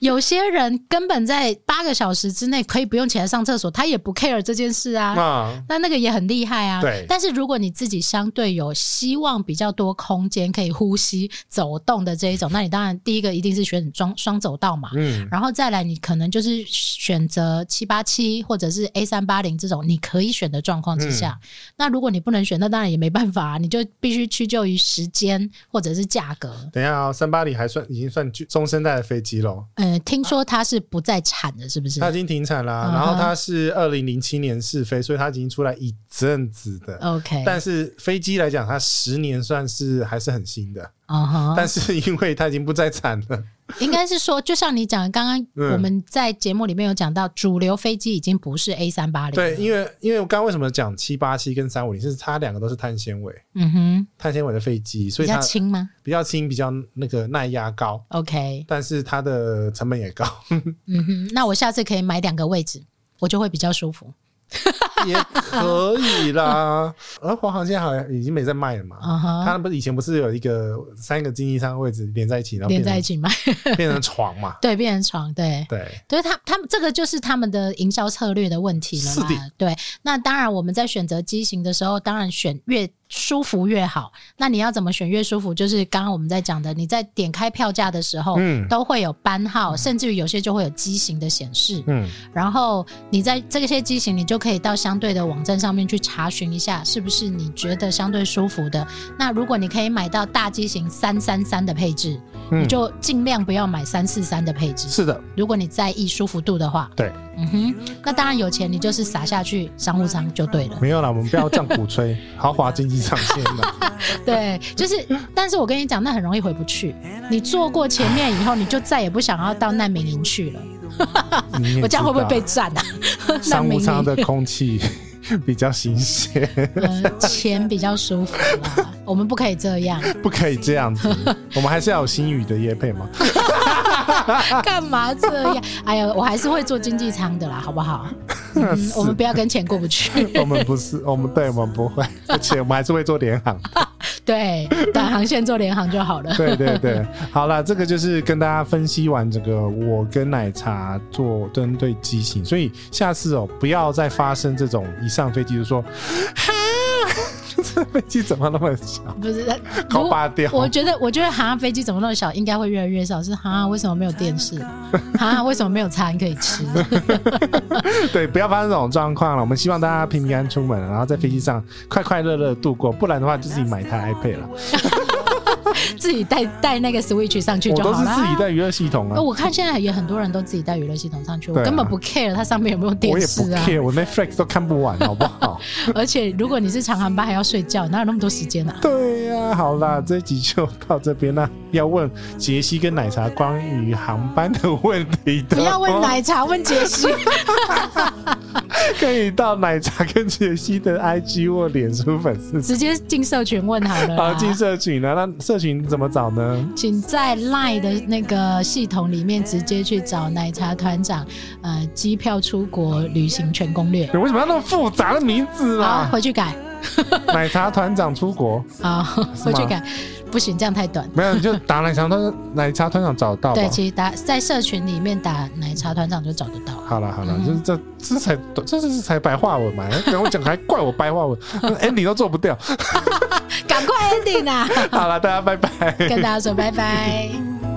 有些人根本在八個小時之內可以不用起來上廁所，他也不 care 這件事啊。那那，那個也很厲害啊。對。但是如果你自己相對有希望比較多空間可以呼吸走動的這一種，那你當然第一個一定是選雙雙走道嘛。嗯。然後再來，你可能就是選擇七八七或者是 A 三八零這種你可以選的狀況之下、嗯。那如果你不能選，那當然也沒辦法、啊，你就必須屈就於時間或者是價格。等一下、哦，三八零還算已經算中生代的飛機了。呃、嗯，聽說它是不再產的，是不是？它已經停產了、啊。Uh -huh. 然後它是二零零七年試飛，所以它已經出來一陣子的。OK，但是飛機來講，它十年算是還是很新的、uh -huh. 但是因為它已經不再產了。 應該是說，就像你講的剛剛我們在節目裡面有講到、嗯，主流飛機已經不是 A 三八零了。對，因為因為我剛剛為什麼講七八七跟三五零，是它兩個都是碳纖維，嗯哼，碳纖維的飛機，所以它比較輕嗎？比較輕，比較那個耐壓高，OK。但是它的成本也高。嗯哼，那我下次可以買兩個位置，我就會比較舒服。 也可以啦， 而華航現在好像已經沒在賣了嘛。Uh -huh、他們以前不是有一個三個經濟艙的位置連在一起，然後連在一起賣， 變成床嘛？對，變成床，對，對，所以他他們這個就是他們的營銷策略的問題了嘛？對，那當然我們在選擇機型的時候，當然選越舒服越好，那你要怎麼選越舒服？就是剛剛我們在講的，你在點開票價的時候，嗯，都會有班號，甚至於有些就會有機型的顯示。嗯，然後你在這些機型，你就可以到相對的網站上面去查詢一下，是不是你覺得相對舒服的。那如果你可以買到大機型三三三的配置。你就盡量不要買三四三的配置。是的，如果你在意舒服度的話，對，嗯哼，那當然有錢你就是撒下去商務艙就對了。沒有啦。我們不要這樣鼓吹 豪華經濟艙嘛， 對，就是，但是我跟你講，那很容易回不去。你坐過前面以後，你就再也不想要到難民營去了。 我這樣會不會被佔啊？商務艙的空氣。 比較新鮮、嗯，錢比較舒服 我們不可以這樣，不可以這樣子。 我們還是要有星宇的業配嘛。 幹 嘛這樣？哎呀，我還是會坐經濟艙的啦，好不好？嗯、 我們不要跟錢過不去。 我們不是，我們對，我們不會， 而且我們還是會坐聯航。對，短航線做聯航就好了。 對對對，好了，這個就是跟大家分析完這個，我跟奶茶做針對機型，所以下次哦，不要再發生這種一上飛機就說，嘿 飛機怎麼那麼小？不是，高八調。我覺得，我覺得，哈、啊，飛機怎麼那麼小？應該會越來越少。是哈、啊，為什麼沒有電視？哈、 啊，為什麼沒有餐可以吃？ 對，不要發生這種狀況了。我們希望大家平平安安出門，然後在飛機上快快樂樂度過。不然的話，就自己買一台 iPad 了。 自己帶帶那個 Switch 上去就好了。我都是自己帶娛樂系統啊。我看現在也很多人都自己帶娛樂系統上去，啊，我根本不 care 他它上面有沒有電視啊？我 Netflix 都看不完，好不好？ 而且如果你是長航班還要睡覺，哪有那麼多時間啊？對呀，啊，好啦，嗯、這一集就到這邊了，啊。要問傑西跟奶茶關於航班的問題的不要問奶茶，哦，問傑西。 可以到奶茶跟傑西的 IG 或臉書粉絲直接進社群問好了。好，進社群了，啊，那社群。怎麼找呢？請在 LINE 的那個系統裡面直接去找奶茶團長。呃，機票出國旅行全攻略。欸，為什麼要那麼複雜的名字啊？好，回去改。 奶茶團長出國啊，回、哦、去改不行，這樣太短。沒有，就打奶茶團， 奶茶團長找到。對，其實打在社群裡面打奶茶團長就找得到。好了好了、嗯，就是這這才這是才白話文嘛， 欸、跟我講還怪我白話文，Ending 都做不掉，趕 快 Ending 啊，好了，大家拜拜，跟大家說拜拜。